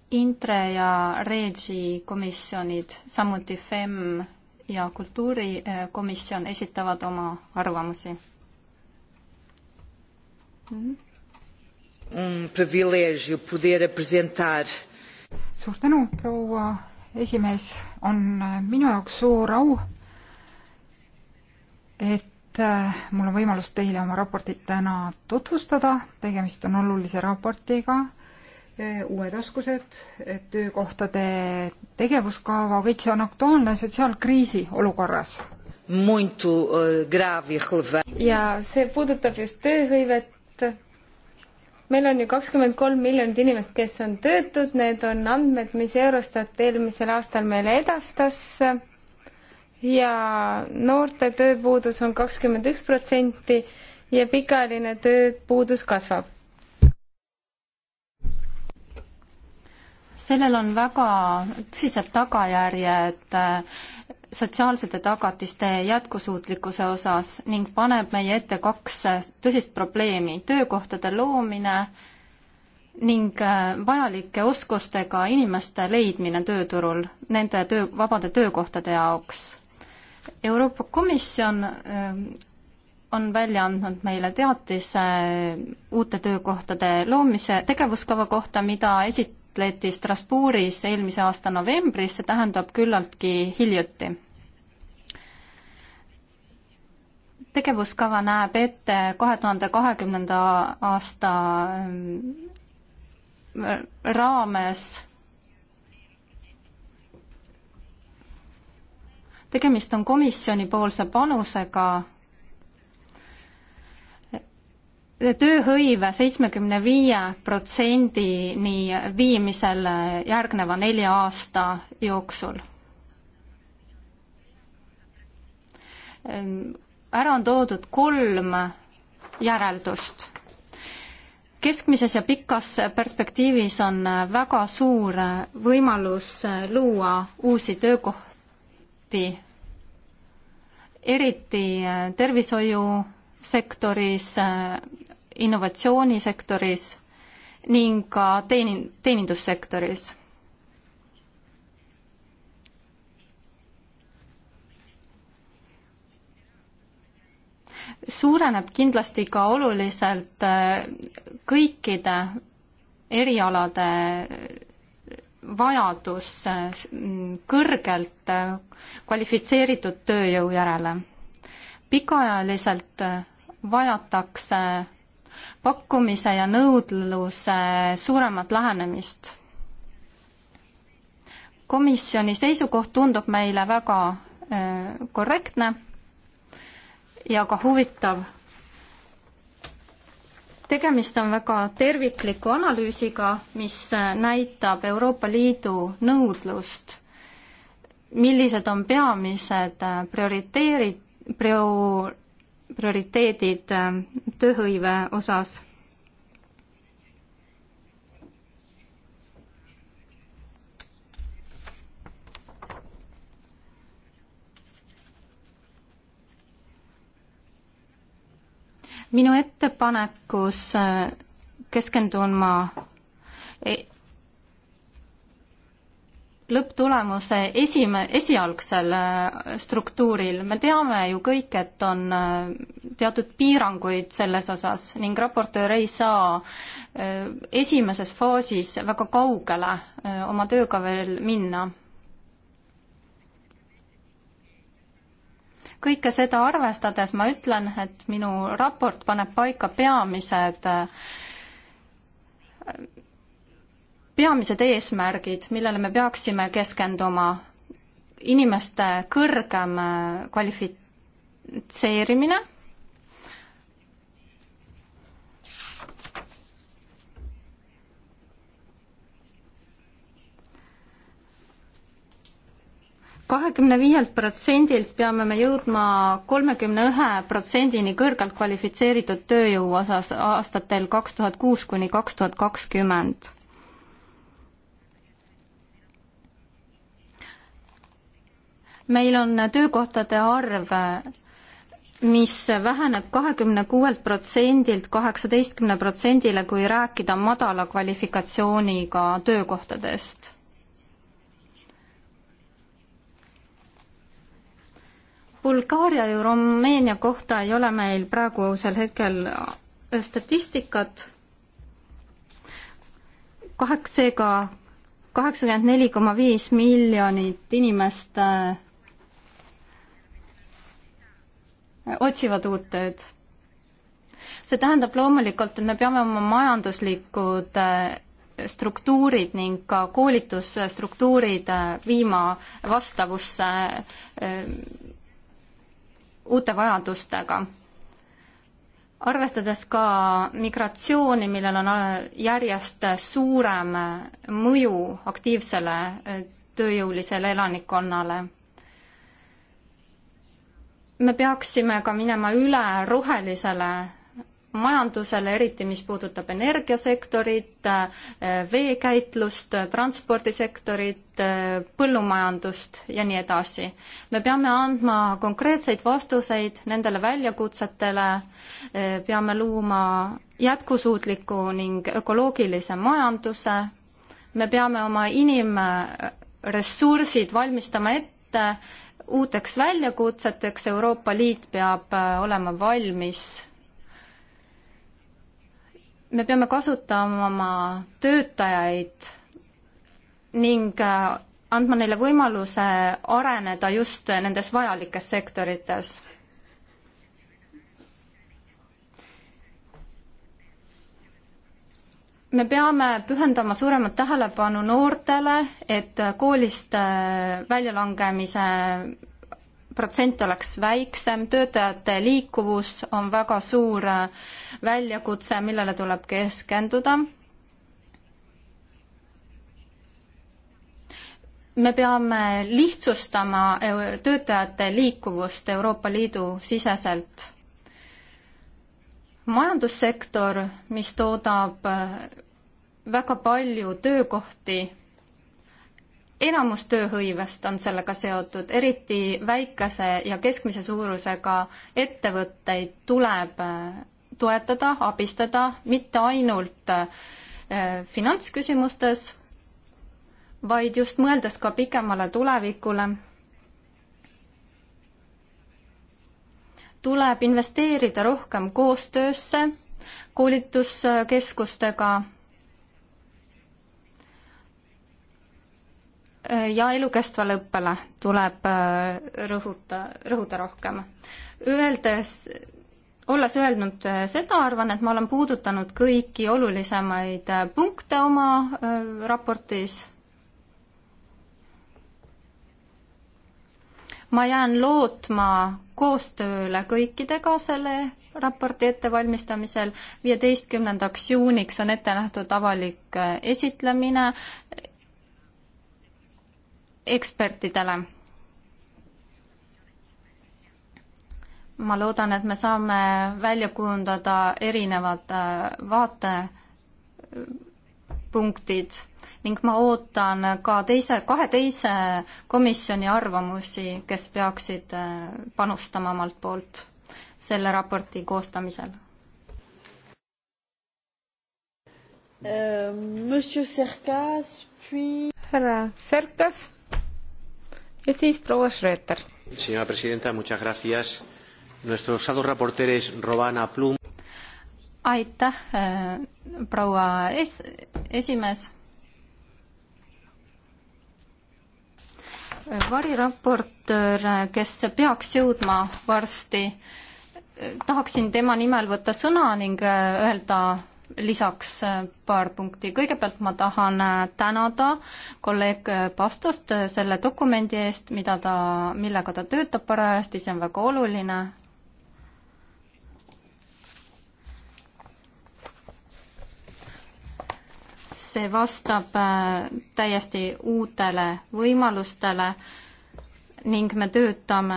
Intre ja Regi komisjonid, samuti FEM ja kultuurikomisjon esitavad oma arvamusi mm.. Um privilegio poder apresentar. suur tänu, proua esimees, on minu jaoks suur au et äh, mul on võimalus teile oma raportit täna tutvustada, tegemist on olulise raportiga, äh, uued oskused, äh, töökohtade tegevuskava, kõik see on aktuaalne sotsiaalkriisi olukorras. ja see puudutab just tööhõivet, meil on ju kakskümmend kolm miljonit inimest, kes on töötud, need on andmed, mis Eurostat eelmisel aastal meile edastas ja noorte tööpuudus on kakskümmend üks protsenti ja pikaajaline tööpuudus kasvab. sellel on väga tõsised tagajärjed äh, sotsiaalsete tagatiste jätkusuutlikkuse osas ning paneb meie ette kaks äh, tõsist probleemi, töökohtade loomine ning äh, vajalike oskustega inimeste leidmine tööturul nende töö, vabade töökohtade jaoks Euroopa Komisjon ähm, on välja andnud meile teatise äh, uute töökohtade loomise tegevuskava kohta, mida esitleti Strasbourgis eelmise aasta novembris, see tähendab küllaltki hiljuti. tegevuskava näeb ette kahe tuhande kahekümnenda aasta ähm, raames tegemist on komisjonipoolse panusega tööhõive seitsmekümne viie protsendini viimisel järgneva nelja aasta jooksul. ära on toodud kolm järeldust. keskmises ja pikas perspektiivis on väga suur võimalus luua uusi töökohti eriti, eriti äh, tervishoiusektoris, äh, innovatsioonisektoris ning ka teenin-, teenindussektoris suureneb kindlasti ka oluliselt äh, kõikide erialade vajadus mm, kõrgelt äh, kvalifitseeritud tööjõu järele. pikaajaliselt äh, vajatakse pakkumise ja nõudluse suuremat lähenemist. komisjoni seisukoht tundub meile väga äh, korrektne ja ka huvitav tegemist on väga tervikliku analüüsiga, mis äh, näitab Euroopa Liidu nõudlust, millised on peamised äh, prioriteerid, prio-, prioriteedid äh, tööhõive osas minu ettepanekus äh, keskendun ma e-, lõpptulemuse esime-, esialgsel äh, struktuuril, me teame ju kõik, et on äh, teatud piiranguid selles osas ning raportöör ei saa esimeses faasis väga kaugele oma tööga veel minna kõike seda arvestades ma ütlen, et minu raport paneb paika peamised peamised eesmärgid, millele me peaksime keskenduma, inimeste kõrgem kvalifi-, tseerimine kahekümne viielt protsendilt peame me jõudma kolmekümne ühe protsendini kõrgelt kvalifitseeritud tööjõu osas aastatel kaks tuhat kuus kuni kaks tuhat kakskümmend. meil on töökohtade arv, mis väheneb kahekümne kuuelt protsendilt kaheksateistkümne protsendile, kui rääkida madala kvalifikatsiooniga töökohtadest Bulgaaria ja Rumeenia kohta ei ole meil praegusel hetkel statistikat. kaheks, seega kaheksakümmend neli koma viis miljonit inimest äh, otsivad uut tööd. see tähendab loomulikult, et me peame oma majanduslikud äh, struktuurid ning ka koolitusstruktuurid äh, viima vastavusse uute vajadustega. arvestades ka migratsiooni, millel on järjest suurem mõju aktiivsele äh, tööjõulisele elanikkonnale, me peaksime ka minema üle rohelisele majandusele, eriti mis puudutab energiasektorit, äh, veekäitlust, transpordisektorit, äh, põllumajandust ja nii edasi. me peame andma konkreetseid vastuseid nendele väljakutsetele, äh, peame luuma jätkusuutliku ning ökoloogilise majanduse, me peame oma inimressursid valmistama ette uuteks väljakutseteks, Euroopa Liit peab olema valmis me peame kasutama oma töötajaid ning äh, andma neile võimaluse areneda just nendes vajalikes sektorites. me peame pühendama suuremat tähelepanu noortele, et koolist äh, väljalangemise protsent oleks väiksem, töötajate liikuvus on väga suur äh, väljakutse, millele tuleb keskenduda. me peame lihtsustama töötajate liikuvust Euroopa Liidu siseselt. majandussektor, mis toodab äh, väga palju töökohti enamus tööhõivest on sellega seotud, eriti väikese ja keskmise suurusega ettevõtteid tuleb äh, toetada, abistada, mitte ainult äh, finantsküsimustes, vaid just mõeldes ka pikemale tulevikule. tuleb investeerida rohkem koostöösse koolituskeskustega ja elukestvale õppele tuleb äh, rõhuta, rõhuda rohkem. Öeldes, olles öelnud äh, seda, arvan, et ma olen puudutanud kõiki olulisemaid äh, punkte oma raportis. ma jään lootma koostööle kõikidega selle raporti ettevalmistamisel. viieteistkümnendaks juuniks on ette nähtud avalik esitlemine ekspertidele. ma loodan, et me saame välja kujundada erinevad äh, vaatepunktid ning ma ootan ka teise, kahe teise komisjoni arvamusi, kes peaksid äh, panustama omalt poolt selle raporti koostamisel. Äh, Monsieur Serkas, puis härra Serkas ja siis proua Schröter. Senora presidenta, muchas gracias. Nuestro osado raporter es Rovana Plum. aitäh, eh, proua es-, esimees. variraportöör, kes peaks jõudma varsti, eh, tahaksin tema nimel võtta sõna ning eh, öelda lisaks äh, paar punkti. kõigepealt ma tahan äh, tänada kolleeg äh, Pastost selle dokumendi eest, mida ta, millega ta töötab parajasti, see on väga oluline. see vastab täiesti uutele võimalustele ning me töötame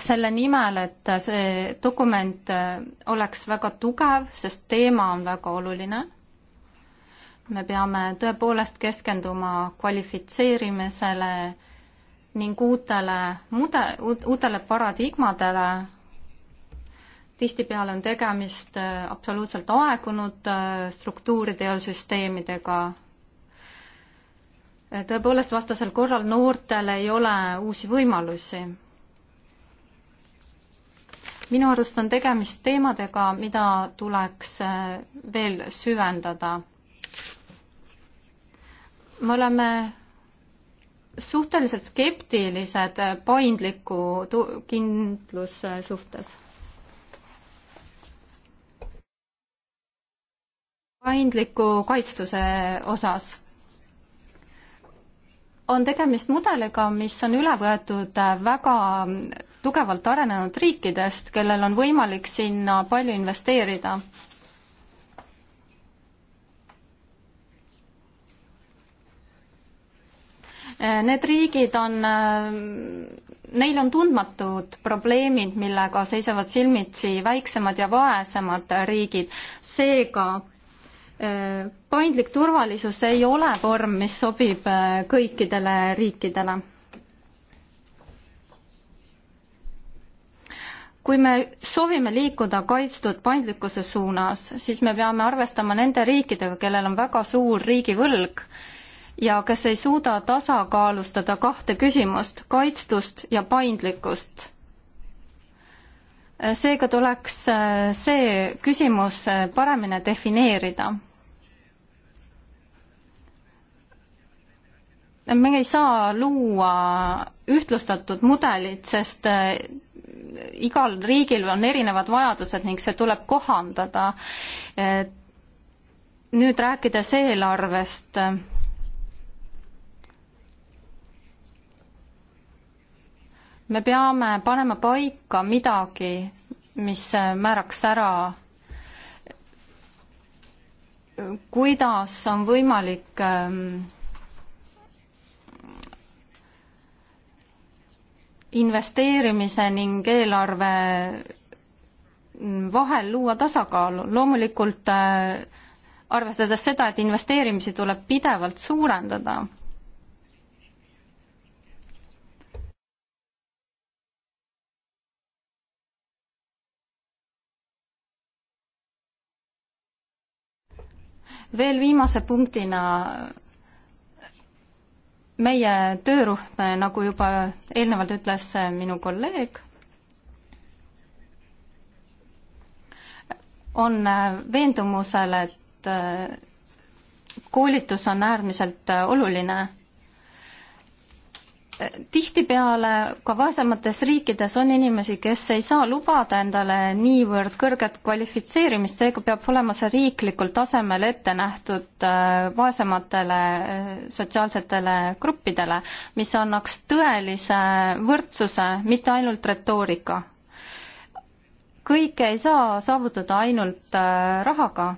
selle nimel, et see dokument äh, oleks väga tugev, sest teema on väga oluline. me peame tõepoolest keskenduma kvalifitseerimisele ning uutele mude-, uutele paradigmadele. tihtipeale on tegemist äh, absoluutselt aegunud äh, struktuuride ja süsteemidega. tõepoolest, vastasel korral noortel ei ole uusi võimalusi minu arust on tegemist teemadega, mida tuleks äh, veel süvendada. me oleme suhteliselt skeptilised äh, paindliku kindluse suhtes. paindliku kaitstuse osas on tegemist mudeliga, mis on üle võetud äh, väga tugevalt arenenud riikidest, kellel on võimalik sinna palju investeerida. Need riigid on, neil on tundmatud probleemid, millega seisavad silmitsi väiksemad ja vaesemad riigid, seega eh, paindlik turvalisus ei ole vorm, mis sobib eh, kõikidele riikidele kui me soovime liikuda kaitstud paindlikkuse suunas, siis me peame arvestama nende riikidega, kellel on väga suur riigivõlg ja kes ei suuda tasakaalustada kahte küsimust, kaitstust ja paindlikkust. seega tuleks äh, see küsimus äh, paremini defineerida. me ei saa luua ühtlustatud mudelit, sest äh, igal riigil on erinevad vajadused ning see tuleb kohandada. nüüd rääkides eelarvest, me peame panema paika midagi, mis määraks ära kuidas on võimalik ähm, investeerimise ning eelarve vahel luua tasakaalu. loomulikult äh, arvestades seda, et investeerimisi tuleb pidevalt suurendada, veel viimase punktina meie töörühm, nagu juba eelnevalt ütles äh, minu kolleeg, on äh, veendumusel, et äh, koolitus on äärmiselt oluline tihtipeale ka vaesemates riikides on inimesi, kes ei saa lubada endale niivõrd kõrget kvalifitseerimist, seega peab olema see riiklikul tasemel ette nähtud äh, vaesematele äh, sotsiaalsetele gruppidele, mis annaks tõelise võrdsuse, mitte ainult retoorika. kõike ei saa saavutada ainult äh, rahaga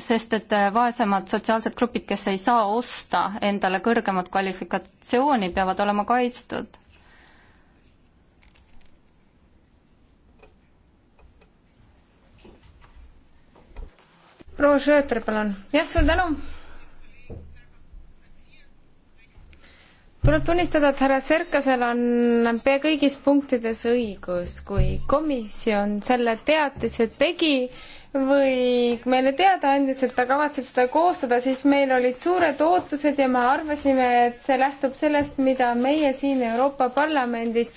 sest et äh, vaesemad sotsiaalsed grupid, kes ei saa osta endale kõrgemat kvalifikatsiooni, peavad olema kaitstud. proua Schröter, palun. jah, suur tänu. tuleb tunnistada, et härra Serkasel on pea kõigis punktides õigus, kui komisjon selle teatise tegi, või meile teada andis, et ta kavatseb seda koostada, siis meil olid suured ootused ja me arvasime, et see lähtub sellest, mida meie siin Euroopa Parlamendis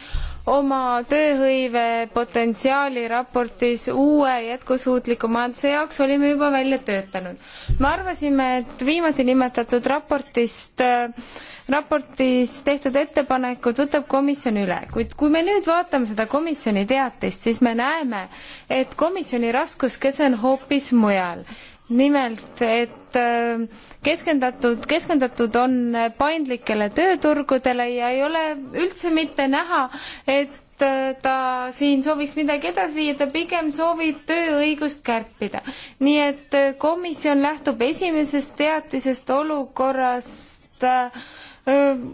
oma tööhõive potentsiaali raportis uue jätkusuutliku majanduse jaoks olime juba välja töötanud. me arvasime, et viimati nimetatud raportist, raportis tehtud ettepanekud võtab komisjon üle, kuid kui me nüüd vaatame seda komisjoni teatist, siis me näeme, et komisjoni raskuskese on hoopis mujal nimelt, et äh, keskendatud, keskendatud on paindlikele tööturgudele ja ei ole üldse mitte näha, et äh, ta siin sooviks midagi edasi viia, ta pigem soovib tööõigust kärpida. nii et äh, komisjon lähtub esimesest teatisest olukorrast,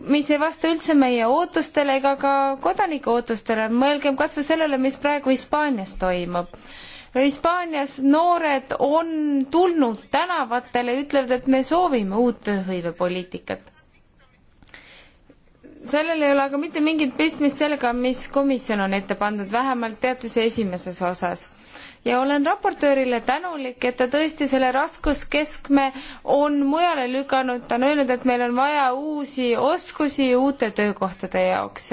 mis ei vasta üldse meie ootustele ega ka kodanike ootustele. mõelgem kas või sellele, mis praegu Hispaanias toimub Hispaanias noored on tulnud tänavatele ja ütlevad, et me soovime uut tööhõivepoliitikat. sellel ei ole aga mitte mingit pistmist sellega, mis komisjon on ette pandud, vähemalt teatise esimeses osas ja olen raportöörile tänulik, et ta tõesti selle raskuskeskme on mujale lükanud, ta on öelnud, et meil on vaja uusi oskusi uute töökohtade jaoks.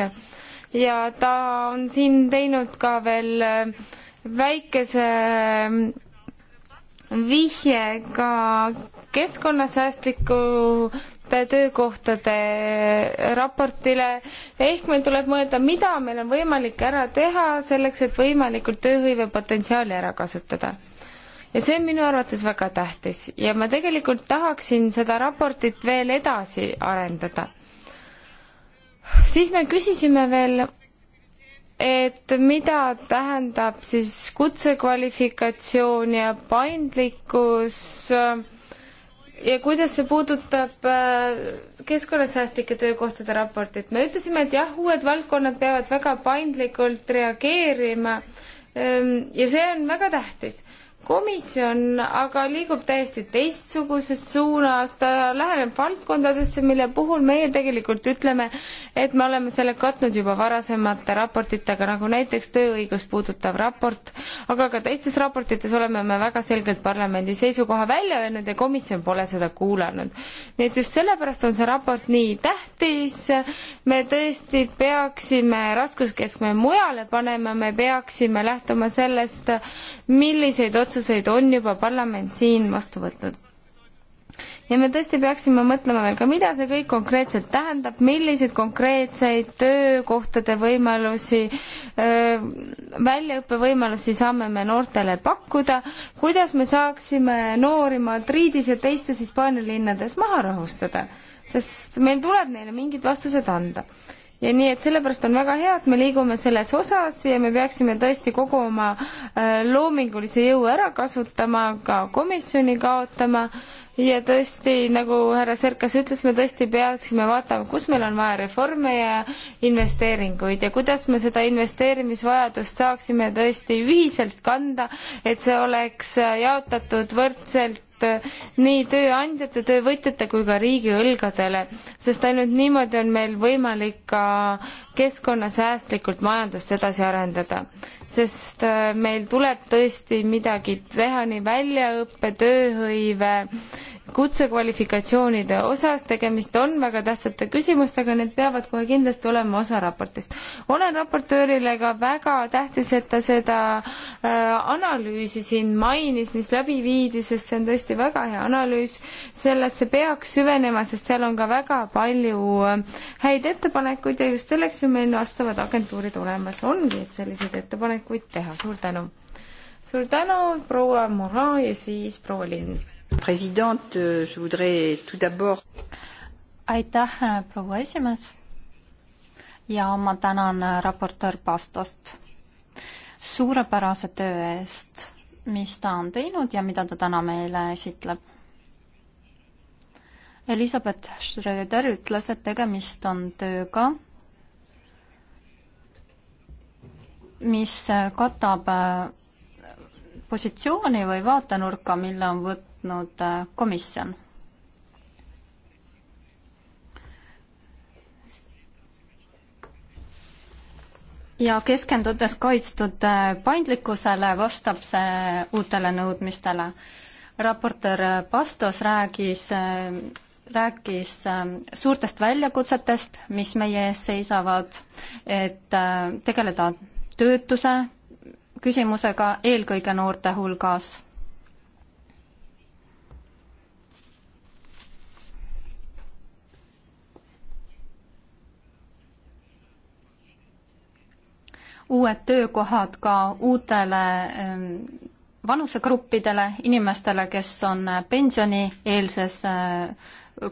ja ta on siin teinud ka veel äh, väikese ähm, vihje ka keskkonnasäästlikude töökohtade raportile, ehk meil tuleb mõelda, mida meil on võimalik ära teha selleks, et võimalikult tööhõive potentsiaali ära kasutada. ja see on minu arvates väga tähtis ja ma tegelikult tahaksin seda raportit veel edasi arendada. siis me küsisime veel et mida tähendab siis kutsekvalifikatsioon ja paindlikkus ja kuidas see puudutab äh, keskkonnasäästlike töökohtade raportit. me ütlesime, et jah, uued valdkonnad peavad väga paindlikult reageerima ehm, ja see on väga tähtis komisjon aga liigub täiesti teistsuguses suunas, ta läheneb valdkondadesse, mille puhul meie tegelikult ütleme, et me oleme selle katnud juba varasemate raportitega, nagu näiteks tööõigust puudutav raport, aga ka teistes raportites oleme me väga selgelt parlamendi seisukoha välja öelnud ja komisjon pole seda kuulanud. nii et just sellepärast on see raport nii tähtis, me tõesti peaksime raskuskeskme mujale panema, me peaksime lähtuma sellest, milliseid otsuseid otsuseid on juba parlament siin vastu võtnud. ja me tõesti peaksime mõtlema veel ka, mida see kõik konkreetselt tähendab, milliseid konkreetseid töökohtade võimalusi, väljaõppevõimalusi saame me noortele pakkuda, kuidas me saaksime noori Madridis ja teistes Hispaania linnades maha rahustada, sest meil tuleb neile mingid vastused anda ja nii et sellepärast on väga hea, et me liigume selles osas ja me peaksime tõesti kogu oma äh, loomingulise jõu ära kasutama, ka komisjoni kaotama ja tõesti, nagu härra Serkas ütles, me tõesti peaksime vaatama, kus meil on vaja reforme ja investeeringuid ja kuidas me seda investeerimisvajadust saaksime tõesti ühiselt kanda, et see oleks äh, jaotatud võrdselt koormat nii tööandjate, töövõtjate kui ka riigi õlgadele, sest ainult niimoodi on meil võimalik ka keskkonnasäästlikult majandust edasi arendada. sest äh, meil tuleb tõesti midagi teha nii väljaõppe, tööhõive, kutsekvalifikatsioonide osas, tegemist on väga tähtsate küsimustega, need peavad kohe kindlasti olema osa raportist. olen raportöörile ka väga tähtis, et ta seda äh, analüüsi siin mainis, mis läbi viidi, sest see on tõesti väga hea analüüs, sellesse peaks süvenema, sest seal on ka väga palju äh, häid ettepanekuid ja just selleks ju meil vastavad agentuurid olemas ongi, et selliseid ettepanekuid teha, suur tänu! suur tänu, proua Mora ja siis proua Linn! president, je voudrais tout d'abord. aitäh, proua esimees. ja ma tänan raportöör Pastost suurepärase töö eest, mis ta on teinud ja mida ta täna meile esitleb. Elizabeth Schröder ütles, et tegemist on tööga, mis katab positsiooni või vaatenurka, mille on võtnud võtnud äh, komisjon. ja keskendudes kaitstud äh, paindlikkusele, vastab see uutele nõudmistele. raportöör äh, Pastos räägis, rääkis suurtest väljakutsetest, mis meie ees seisavad, et tegeleda töötuse küsimusega eelkõige noorte hulgas uued töökohad ka uutele ähm, vanusegruppidele, inimestele, kes on äh, pensionieelses äh,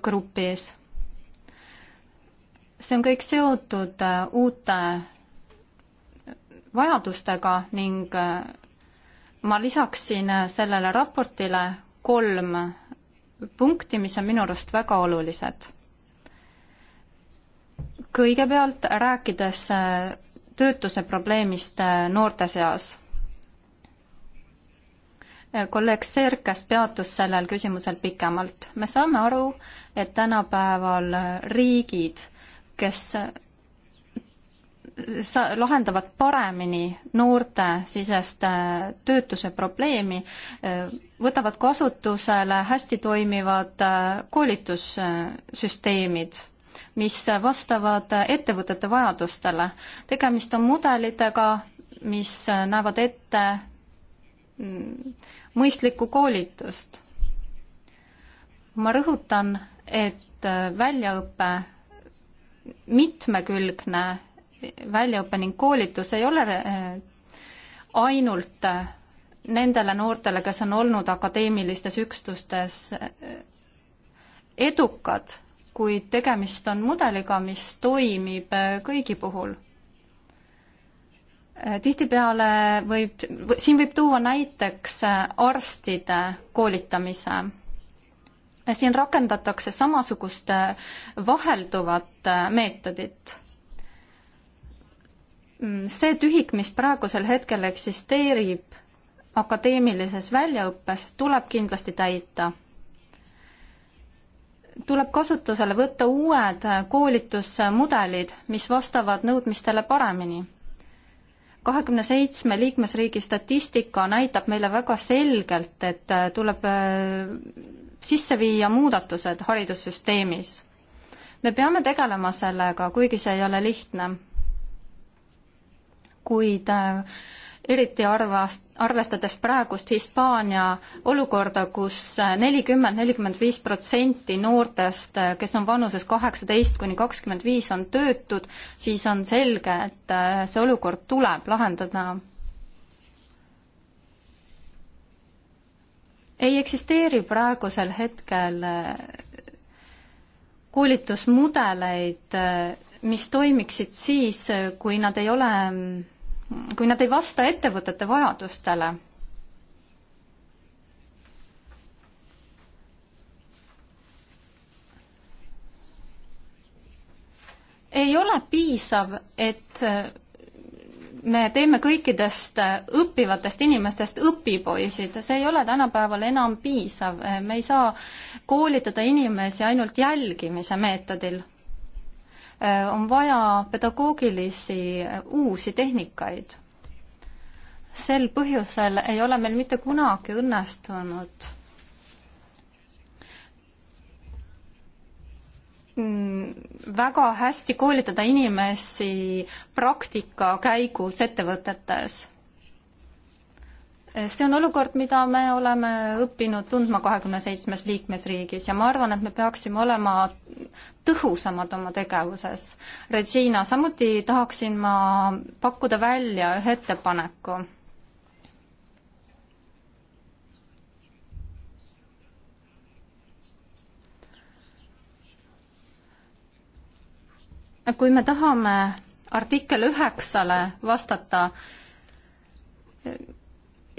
grupis. see on kõik seotud äh, uute vajadustega ning ma lisaksin sellele raportile kolm punkti, mis on minu arust väga olulised. kõigepealt rääkides töötuse probleemist äh, noorte seas. Äh, kolleeg Serkas peatus sellel küsimusel pikemalt. me saame aru, et tänapäeval äh, riigid, kes sa-, lahendavad paremini noorte sisest töötuse probleemi, võtavad kasutusele hästi toimivad koolitussüsteemid mis vastavad ettevõtete vajadustele. tegemist on mudelitega, mis näevad ette mõistlikku koolitust. ma rõhutan, et väljaõpe, mitmekülgne väljaõpe ning koolitus ei ole eh, ainult nendele noortele, kes on olnud akadeemilistes üksustes eh, edukad, kuid tegemist on mudeliga, mis toimib äh, kõigi puhul. Äh, tihtipeale võib, siin võib tuua näiteks äh, arstide koolitamise. siin rakendatakse samasugust vahelduvat meetodit mm, see tühik, mis praegusel hetkel eksisteerib akadeemilises väljaõppes, tuleb kindlasti täita tuleb kasutusele võtta uued koolitusmudelid, mis vastavad nõudmistele paremini. kahekümne seitsme liikmesriigi statistika näitab meile väga selgelt, et tuleb äh, sisse viia muudatused haridussüsteemis. me peame tegelema sellega, kuigi see ei ole lihtne. kuid äh, eriti arvast, arvestades praegust Hispaania olukorda kus, kus nelikümmend, nelikümmend viis protsenti noortest, kes on vanuses kaheksateist kuni kakskümmend viis, on töötud, siis on selge, et äh, see olukord tuleb lahendada. ei eksisteeri praegusel hetkel äh, koolitusmudeleid, äh, mis toimiksid siis, kui nad ei ole mm, kui nad ei vasta ettevõtete vajadustele. ei ole piisav, et äh, me teeme kõikidest äh, õppivatest inimestest õpipoisid, see ei ole tänapäeval enam piisav, äh, me ei saa koolitada inimesi ainult jälgimise meetodil Äh, on vaja pedagoogilisi äh, uusi tehnikaid. sel põhjusel ei ole meil mitte kunagi õnnestunud mm, väga hästi koolitada inimesi praktika käigus ettevõtetes see on olukord, mida me oleme õppinud tundma kahekümne seitsmes liikmesriigis ja ma arvan, et me peaksime olema tõhusamad oma tegevuses. Regina, samuti tahaksin ma pakkuda välja ühe ettepaneku. kui me tahame artikkel üheksale vastata,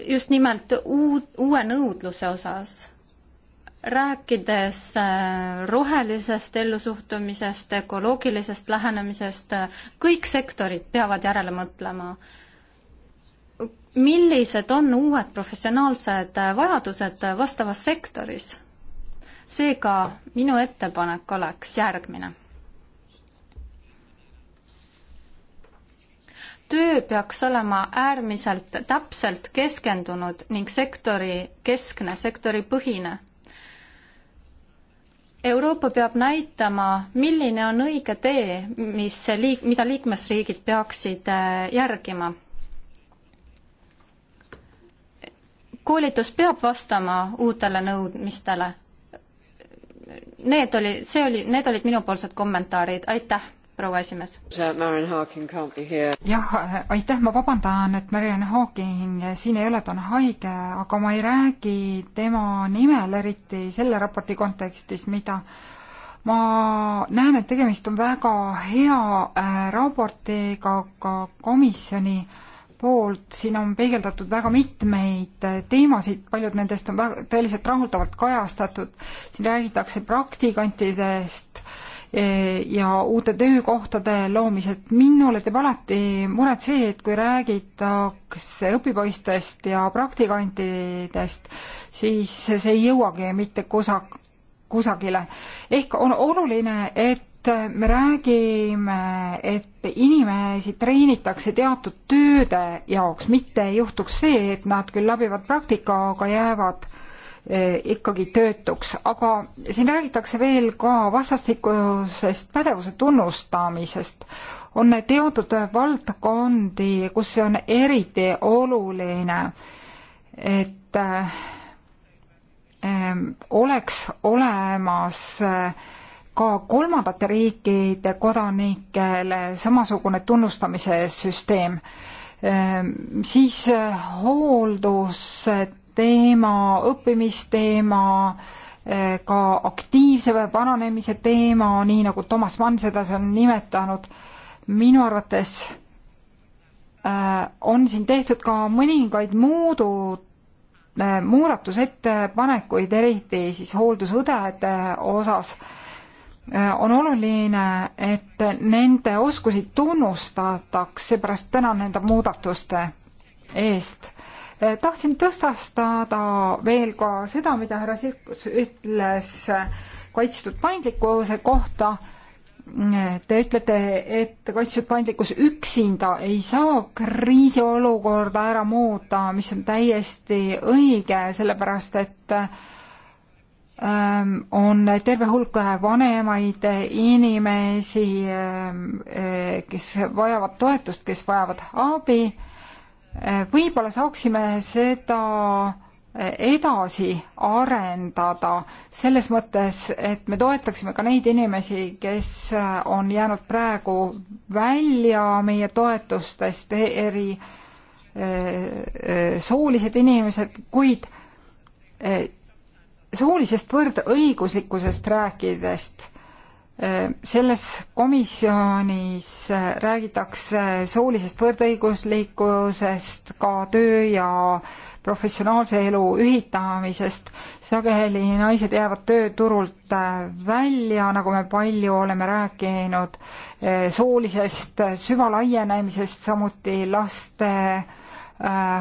just nimelt uud, uue nõudluse osas. rääkides äh, rohelisest ellusuhtumisest, ökoloogilisest lähenemisest, kõik sektorid peavad järele mõtlema, millised on uued professionaalsed vajadused vastavas sektoris. seega minu ettepanek oleks järgmine töö peaks olema äärmiselt täpselt keskendunud ning sektori keskne, sektoripõhine. Euroopa peab näitama, milline on õige tee, mis liik-, mida liikmesriigid peaksid äh, järgima. koolitus peab vastama uutele nõudmistele. Need oli, see oli, need olid minupoolsed kommentaarid, aitäh! proua esimees. jah, aitäh, ma vabandan, et Marian Hawking siin ei ole, ta on haige, aga ma ei räägi tema nimel, eriti selle raporti kontekstis, mida ma näen, et tegemist on väga hea äh, raportiga ka komisjoni poolt, siin on peegeldatud väga mitmeid äh, teemasid, paljud nendest on väga, tõeliselt rahuldavalt kajastatud, siin räägitakse praktikantidest äh,, ja uute töökohtade loomised. minule teeb alati muret see, et kui räägitakse õpipoistest ja praktikantidest, siis see ei jõuagi mitte kusak-, kusagile. ehk on oluline, et me räägime, et inimesi treenitakse teatud tööde jaoks, mitte ei juhtuks see, et nad küll läbivad praktika, aga jäävad äh, Eh, ikkagi töötuks, aga siin räägitakse veel ka vastastikusest pädevuse tunnustamisest. on teatud valdkondi, kus see on eriti oluline, et eh, oleks olemas eh, ka kolmandate riikide kodanikele samasugune tunnustamise süsteem siis hooldusteenuste teema, õppimisteema, eh, ka aktiivse vananemise teema, nii nagu Toomas Mann seda on nimetanud, minu arvates eh, on siin tehtud ka mõningaid muudu, eh, muudatusettepanekuid, eriti siis hooldusõdede osas, on oluline, et nende oskusi tunnustatakse pärast täna nende muudatuste eest tahtsin tõstastada veel ka seda, mida härra Sirkus ütles kaitstud paindlikkuse kohta. Te ütlete, et kaitstud paindlikkus üksinda ei saa kriisiolukorda ära muuta, mis on täiesti õige, sellepärast et ähm, on terve hulk vanemaid inimesi, ähm, äh, kes vajavad toetust, kes vajavad abi võib-olla saaksime seda edasi arendada selles mõttes, et me toetaksime ka neid inimesi, kes on jäänud praegu välja meie toetustest, eri eh, eh, soolised inimesed, kuid eh, soolisest võrdõiguslikkusest rääkidest selles komisjonis äh, räägitakse soolisest võrdõiguslikkusest, ka töö ja professionaalse elu ühitamisest. sageli naised jäävad tööturult äh, välja, nagu me palju oleme rääkinud, äh, soolisest süvalaienemisest, samuti laste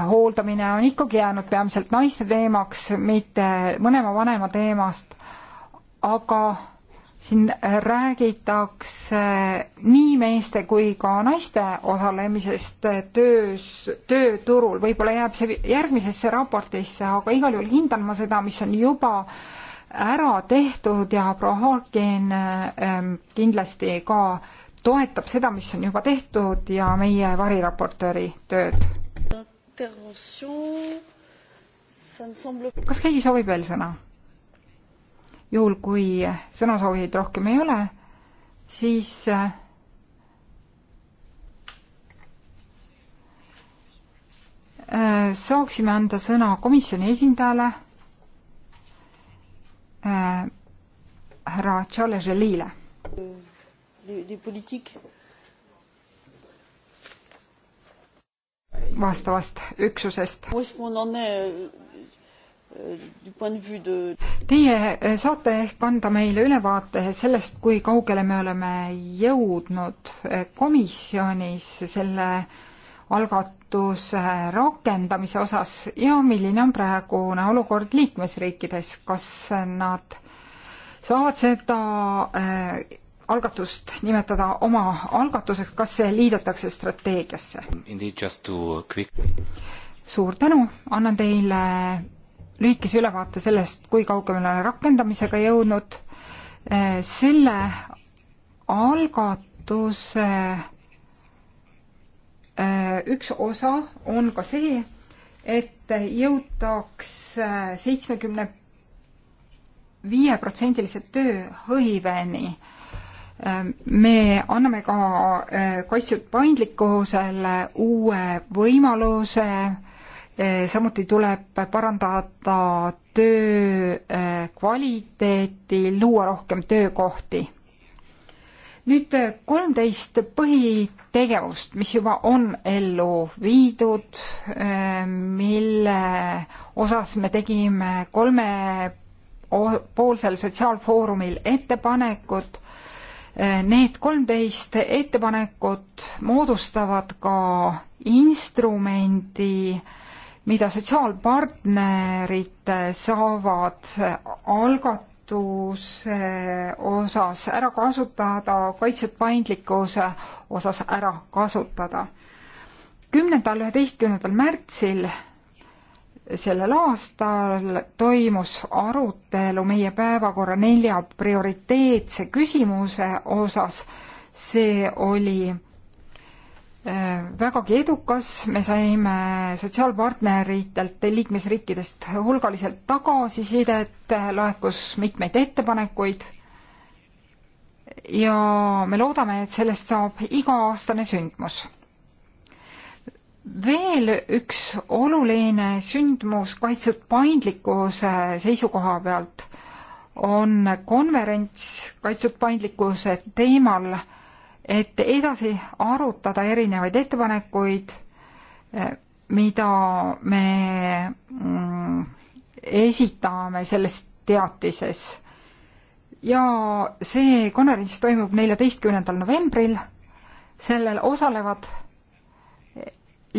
hooldamine on ikkagi jäänud peamiselt naiste teemaks, mitte mõlema vanema teemast, aga siin räägitakse nii meeste kui ka naiste osalemisest töös, tööturul, võib-olla jääb see järgmisesse raportisse, aga igal juhul hindan ma seda, mis on juba ära tehtud ja proua Harkin ähm, kindlasti ka toetab seda, mis on juba tehtud ja meie variraportööri tööd. kas keegi soovib veel sõna? juhul kui sõnasoovijaid rohkem ei ole, siis äh, saaksime anda sõna komisjoni esindajale äh, härra Charles Gelile. vastavast üksusest. Euh, Teie äh, saate ehk anda meile ülevaate sellest, kui kaugele me oleme jõudnud äh, komisjonis selle algatuse rakendamise osas ja milline on praegune olukord liikmesriikides, kas nad saavad seda äh, algatust nimetada oma algatuseks, kas see liidetakse strateegiasse? Quick... suur tänu, annan teile lühikese ülevaate sellest, kui kaugele me oleme rakendamisega jõudnud. Eh, selle algatuse eh, üks osa on ka see, et jõutaks eh, seitsmekümne viieprotsendilise tööhõiveni. me anname ka kaitsjad paindlikkusele uue võimaluse samuti tuleb parandada töö äh, kvaliteeti, luua rohkem töökohti. nüüd äh, kolmteist põhitegevust, mis juba on ellu viidud, äh, mille osas me tegime kolmepoolsel sotsiaalfoorumil ettepanekud Need kolmteist ettepanekut moodustavad ka instrumendi mida sotsiaalpartnerid saavad algatuse osas ära kasutada, kaitset paindlikkuse osas ära kasutada. kümnendal, üheteistkümnendal märtsil sellel aastal toimus arutelu meie päevakorra nelja prioriteetse küsimuse osas. see oli vägagi edukas, me saime sotsiaalpartneritelt liikmesriikidest hulgaliselt tagasisidet, laekus mitmeid ettepanekuid ja me loodame, et sellest saab iga-aastane sündmus. veel üks oluline sündmus kaitstud paindlikkuse seisukoha pealt on konverents kaitstud paindlikkuse teemal et edasi arutada erinevaid ettepanekuid, eh, mida me mm, esitame selles teatises. ja see konverents toimub neljateistkümnendal novembril, sellel osalevad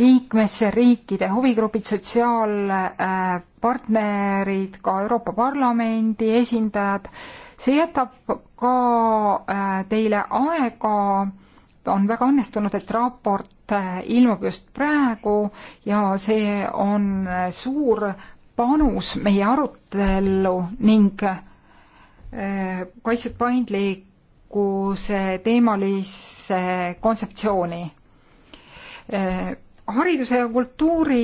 liikmesriikide huvigrupid, sotsiaalpartnerid, ka Euroopa Parlamendi esindajad, see jätab ka äh, teile aega, on väga õnnestunud, et raport äh, ilmub just praegu ja see on äh, suur panus meie arutellu ning kaitstud paindlikkuse teemalisse kontseptsiooni hariduse ja kultuuri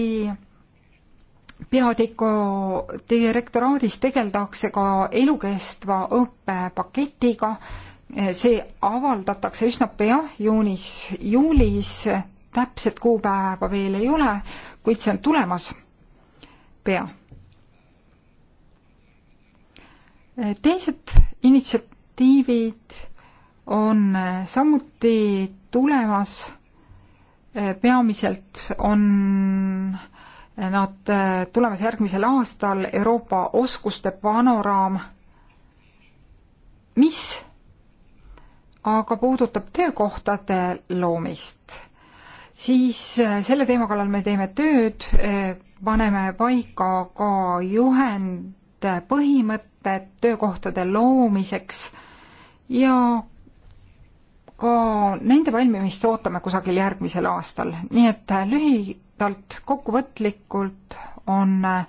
peatüku direktoraadis tegeldakse ka elukestva õppe paketiga, see avaldatakse üsna pea, juunis-juulis, täpset kuupäeva veel ei ole, kuid see on tulemas pea. teised initsiatiivid on samuti tulemas, peamiselt on äh, nad äh, tulemas järgmisel aastal, Euroopa oskuste panoraam, mis aga puudutab töökohtade loomist, siis äh, selle teema kallal me teeme tööd, äh, paneme paika ka juhendpõhimõtted töökohtade loomiseks ja ka nende valmimist ootame kusagil järgmisel aastal, nii et lühi lühidalt kokkuvõtlikult on äh,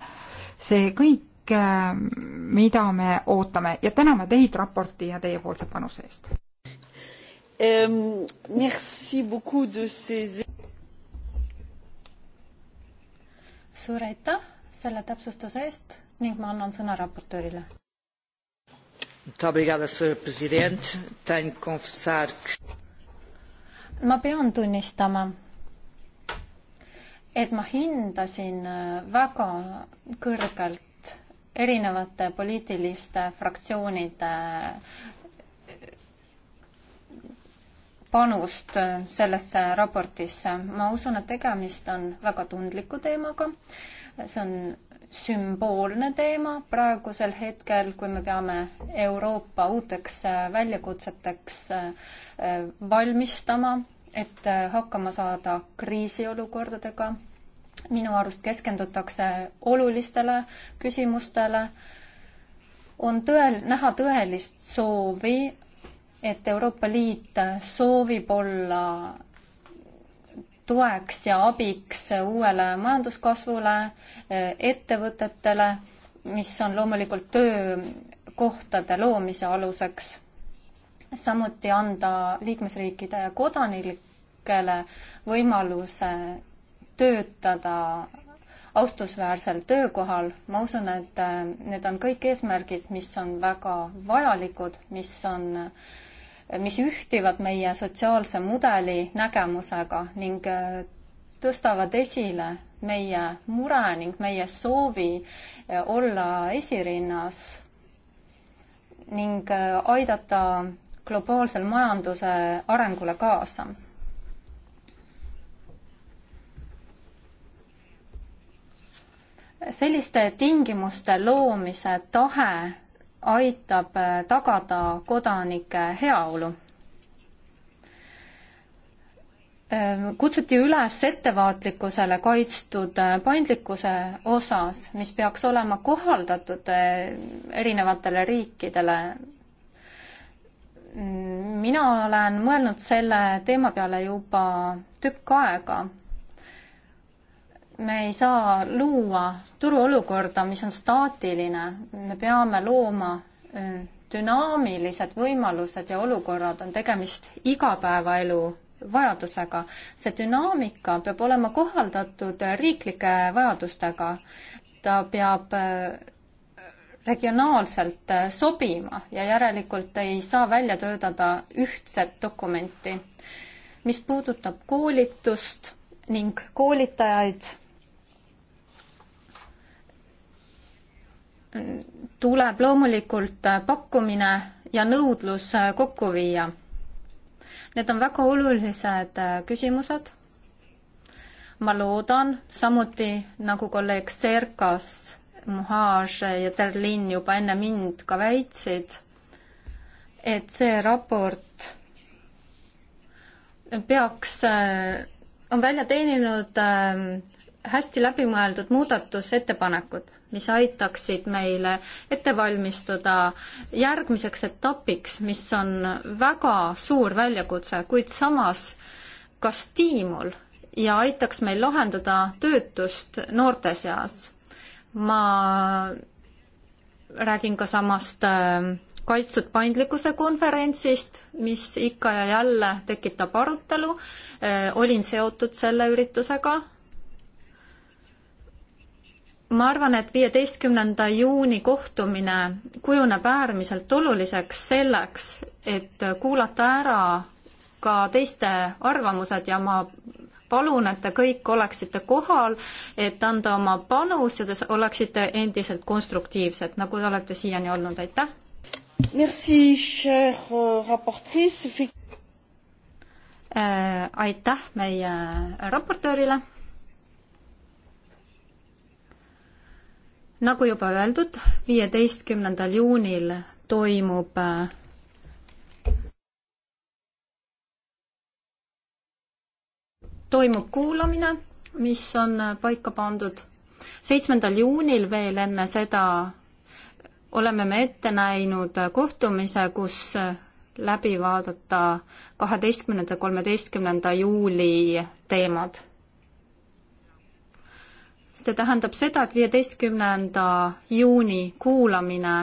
see kõik, äh, mida me ootame ja täname teid raporti ja teiepoolse panuse eest. suur aitäh selle täpsustuse eest ning ma annan sõna raportöörile. ma pean tunnistama, et ma hindasin äh, väga kõrgelt erinevate poliitiliste fraktsioonide äh, panust äh, sellesse raportisse. ma usun, et tegemist on väga tundliku teemaga. see on sümboolne teema praegusel hetkel, kui me peame Euroopa uuteks väljakutseteks valmistama, et hakkama saada kriisiolukordadega minu arust keskendutakse olulistele küsimustele, on tõel-, näha tõelist soovi, et Euroopa Liit soovib olla toeks ja abiks uuele majanduskasvule, ettevõtetele, mis on loomulikult töökohtade loomise aluseks, samuti anda liikmesriikide kodanikele võimaluse töötada austusväärsel töökohal, ma usun, et äh, need on kõik eesmärgid, mis on väga vajalikud, mis on, äh, mis ühtivad meie sotsiaalse mudeli nägemusega ning äh, tõstavad esile meie mure ning meie soovi olla esirinnas ning aidata globaalsel majanduse arengule kaasa selliste tingimuste loomise tahe aitab äh, tagada kodanike heaolu. Äh, kutsuti üles ettevaatlikkusele kaitstud äh, paindlikkuse osas, mis peaks olema kohaldatud erinevatele riikidele. Mm, mina olen mõelnud selle teema peale juba tükk aega me ei saa luua turuolukorda, mis on staatiline, me peame looma dünaamilised võimalused ja olukorrad, on tegemist igapäevaelu vajadusega. see dünaamika peab olema kohaldatud riiklike vajadustega. ta peab regionaalselt sobima ja järelikult ei saa välja töötada ühtset dokumenti. mis puudutab koolitust ning koolitajaid, tuleb loomulikult pakkumine ja nõudlus kokku viia. Need on väga olulised küsimused. ma loodan, samuti nagu kolleeg Serkas, Muhaj ja Terlin juba enne mind ka väitsid, et see raport peaks, on välja teeninud äh, hästi läbimõeldud muudatusettepanekud, mis aitaksid meile ette valmistuda järgmiseks etapiks, mis on väga suur väljakutse, kuid samas ka stiimul ja aitaks meil lahendada töötust noorte seas. ma räägin ka samast ähm, kaitstud paindlikkuse konverentsist, mis ikka ja jälle tekitab arutelu, äh, olin seotud selle üritusega ma arvan, et viieteistkümnenda juuni kohtumine kujuneb äärmiselt oluliseks selleks, et kuulata ära ka teiste arvamused ja ma palun, et te kõik oleksite kohal, et anda oma panus ja te oleksite endiselt konstruktiivsed, nagu te olete siiani olnud, aitäh! Merci, cher euh, raportrice! Äh, aitäh meie raportöörile! nagu juba öeldud, viieteistkümnendal juunil toimub äh, toimub kuulamine, mis on äh, paika pandud. seitsmendal juunil veel enne seda oleme me ette näinud äh, kohtumise, kus läbi vaadata kaheteistkümnenda, kolmeteistkümnenda juuli teemad see tähendab seda, et viieteistkümnenda juuni kuulamine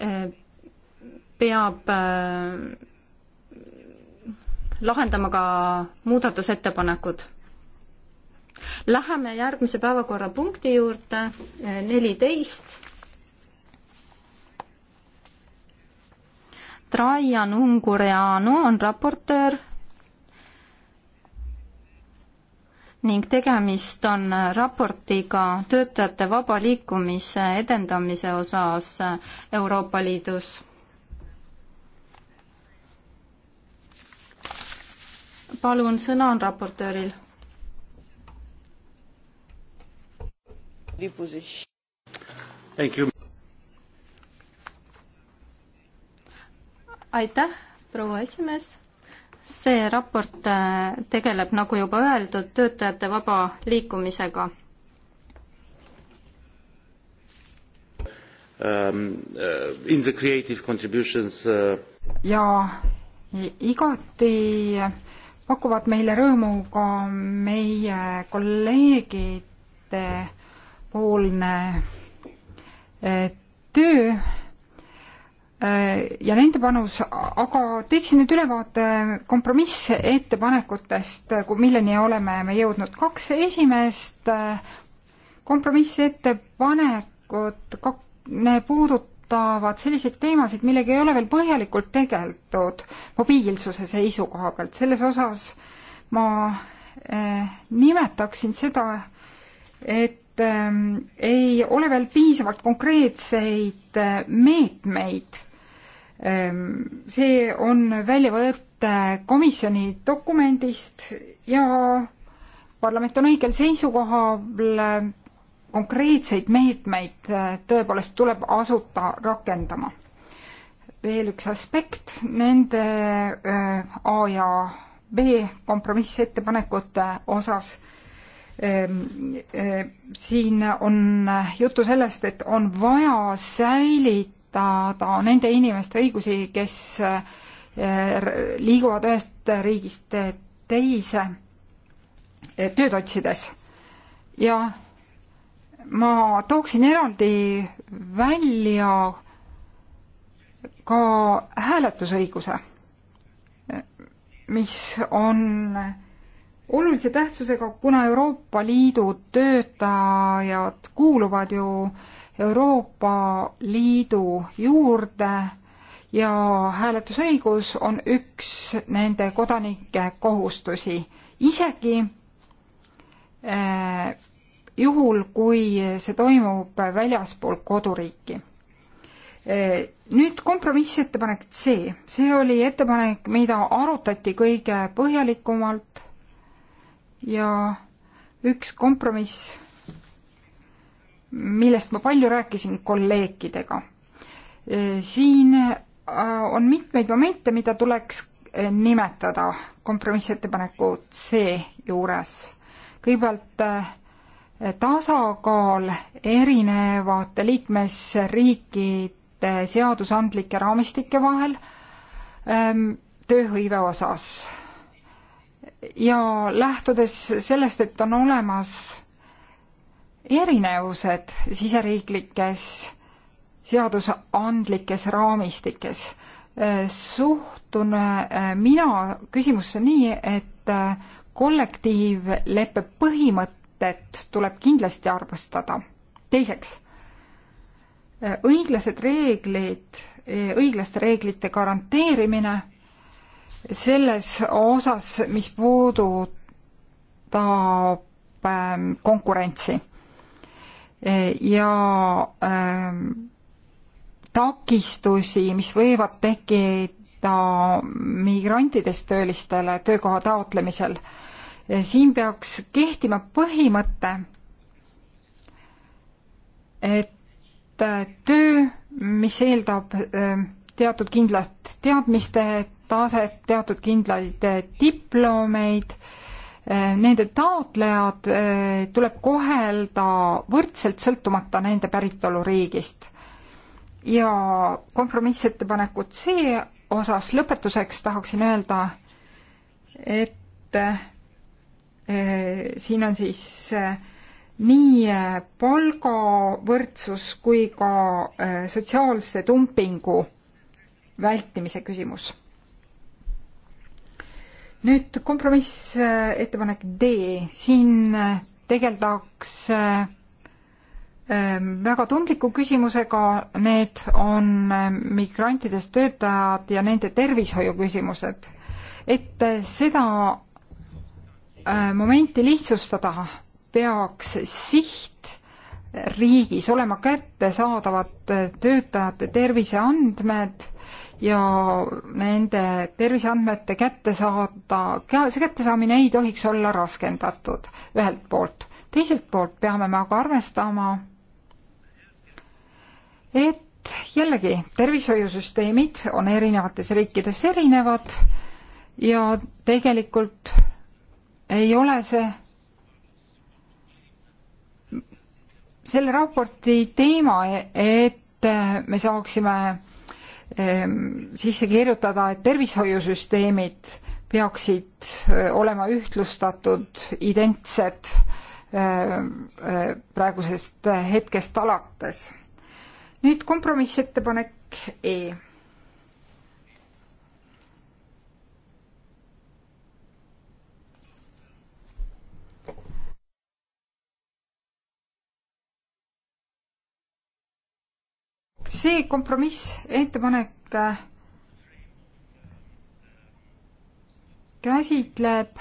eh, peab eh, lahendama ka muudatusettepanekud. Läheme järgmise päevakorrapunkti juurde, eh, neliteist. Trajan Ungureanu on raportöör ning tegemist on raportiga töötajate vaba liikumise edendamise osas Euroopa Liidus. palun, sõna on raportööril. aitäh, proua esimees see raport äh, tegeleb, nagu juba öeldud, töötajate vaba liikumisega um,. Uh, in the creative contributions uh... ja igati pakuvad meile rõõmu ka meie kolleegide poolne äh, töö ja nende panus, aga teeksin nüüd ülevaate kompromissettepanekutest, milleni oleme me jõudnud. kaks esimest kompromissettepanekut kak-, puudutavad selliseid teemasid, millega ei ole veel põhjalikult tegeldud mobiilsuse seisukoha pealt. selles osas ma äh, nimetaksin seda, et eh, ei ole veel piisavalt konkreetseid eh, meetmeid Ehm, see on väljavõte komisjoni dokumendist ja parlament on õigel seisukohal, konkreetseid meetmeid eh, tõepoolest tuleb asuda rakendama. veel üks aspekt, nende eh, A ja B kompromissettepanekute osas ehm, eh, siin on juttu sellest, et on vaja säilitada austada nende inimeste õigusi, kes eh, liiguvad ühest riigist teise eh, tööd otsides. ja ma tooksin eraldi välja ka hääletusõiguse, eh, mis on olulise tähtsusega, kuna Euroopa Liidu töötajad kuuluvad ju äh, Euroopa Liidu juurde ja hääletusõigus on üks nende kodanike kohustusi, isegi äh, juhul, kui see toimub väljaspool koduriiki. Äh, nüüd kompromissettepanek C, see oli ettepanek, mida arutati kõige põhjalikumalt ja üks kompromiss millest ma palju rääkisin kolleegidega. siin äh, on mitmeid momente, mida tuleks äh, nimetada kompromissettepaneku C juures. kõigepealt äh, tasakaal erinevate liikmesriikide seadusandlike raamistike vahel ähm, tööhõive osas ja lähtudes sellest, et on olemas erinevused siseriiklikes seadusandlikes raamistikes. suhtun äh, mina küsimusse nii, et äh, kollektiivleppe põhimõtet tuleb kindlasti arvestada. teiseks, äh, õiglased reeglid, õiglaste reeglite garanteerimine selles osas, mis puudutab ähm, konkurentsi ja ähm, takistusi, mis võivad tekkida migrantidest töölistele töökoha taotlemisel. siin peaks kehtima põhimõte, et äh, töö, mis eeldab ähm, teatud kindlat teadmiste taset, teatud kindlaid äh, diplomeid äh,, Eh, nende taotlejad eh, tuleb kohelda võrdselt, sõltumata nende päritoluriigist. ja kompromissettepanekut see osas lõpetuseks tahaksin öelda, et eh, siin on siis nii palgavõrdsus kui ka sotsiaalse dumpingu vältimise küsimus nüüd kompromissettepanek äh, D, siin äh, tegeldakse äh, väga tundliku küsimusega, need on migrantidest töötajad ja nende tervishoiu küsimused. et seda momenti lihtsustada, peaks siht riigis olema kättesaadavad töötajate terviseandmed ja nende terviseandmete kätte saada, see kättesaamine ei tohiks olla raskendatud ühelt poolt. teiselt poolt peame me aga arvestama, et jällegi, tervishoiusüsteemid on erinevates riikides erinevad ja tegelikult ei ole see selle raporti teema, e-, et me saaksime Ehm, sisse kirjutada, et tervishoiusüsteemid peaksid eh, olema ühtlustatud, identsed ehm, eh, praegusest hetkest alates. nüüd kompromissettepanek E see kompromissettepanek äh, käsitleb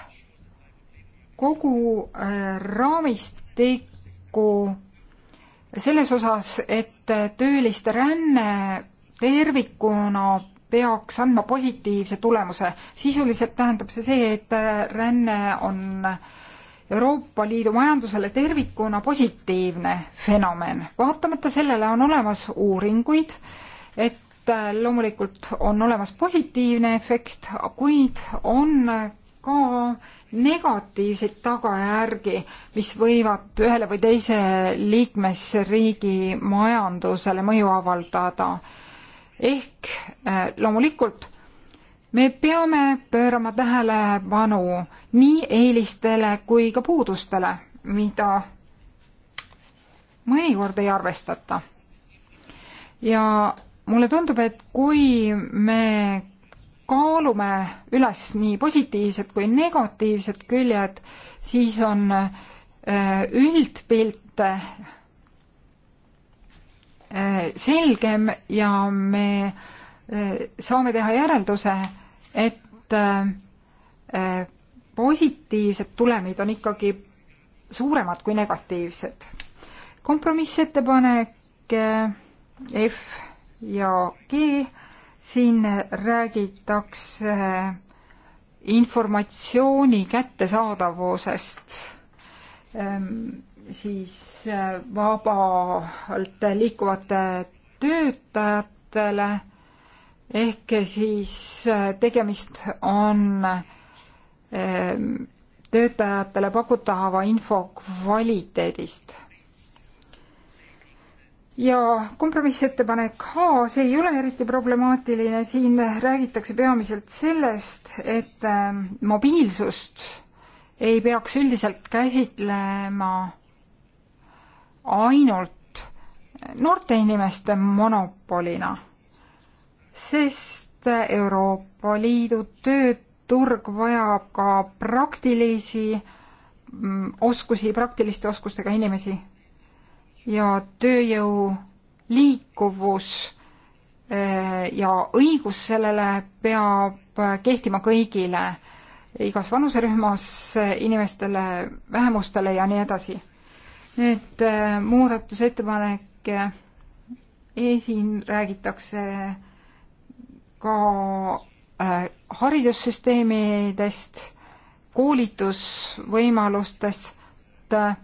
kogu äh, raamistikku selles osas, et äh, tööliste ränne tervikuna peaks andma positiivse tulemuse. sisuliselt tähendab see see, et ränne on äh, Euroopa Liidu majandusele tervikuna positiivne fenomen. vaatamata sellele on olemas uuringuid, et äh, loomulikult on olemas positiivne efekt, kuid on ka negatiivseid tagajärgi, mis võivad ühele või teise liikmesriigi majandusele mõju avaldada. ehk äh, loomulikult me peame pöörama tähelepanu nii eelistele kui ka puudustele, mida mõnikord ei arvestata. ja mulle tundub, et kui me kaalume üles nii positiivsed kui negatiivsed küljed, siis on äh, üldpilt äh, selgem ja me äh, saame teha järelduse, et äh, positiivsed tulemid on ikkagi suuremad kui negatiivsed. kompromissettepanek äh, F ja G, siin räägitakse äh, informatsiooni kättesaadavusest ähm, siis vabalt liikuvate töötajatele ehk siis äh, tegemist on ähm, töötajatele pakutava info kvaliteedist. ja kompromissettepanek H, see ei ole eriti problemaatiline, siin räägitakse peamiselt sellest, et ähm, mobiilsust ei peaks üldiselt käsitlema ainult noorte inimeste monopolina sest Euroopa Liidu tööturg vajab ka praktilisi mm, oskusi, praktiliste oskustega inimesi ja tööjõu liikuvus eh, ja õigus sellele peab kehtima kõigile, igas vanuserühmas inimestele, vähemustele ja nii edasi. nüüd eh, muudatusettepanek, eh, siin räägitakse ka äh, haridussüsteemidest, koolitusvõimalustest äh,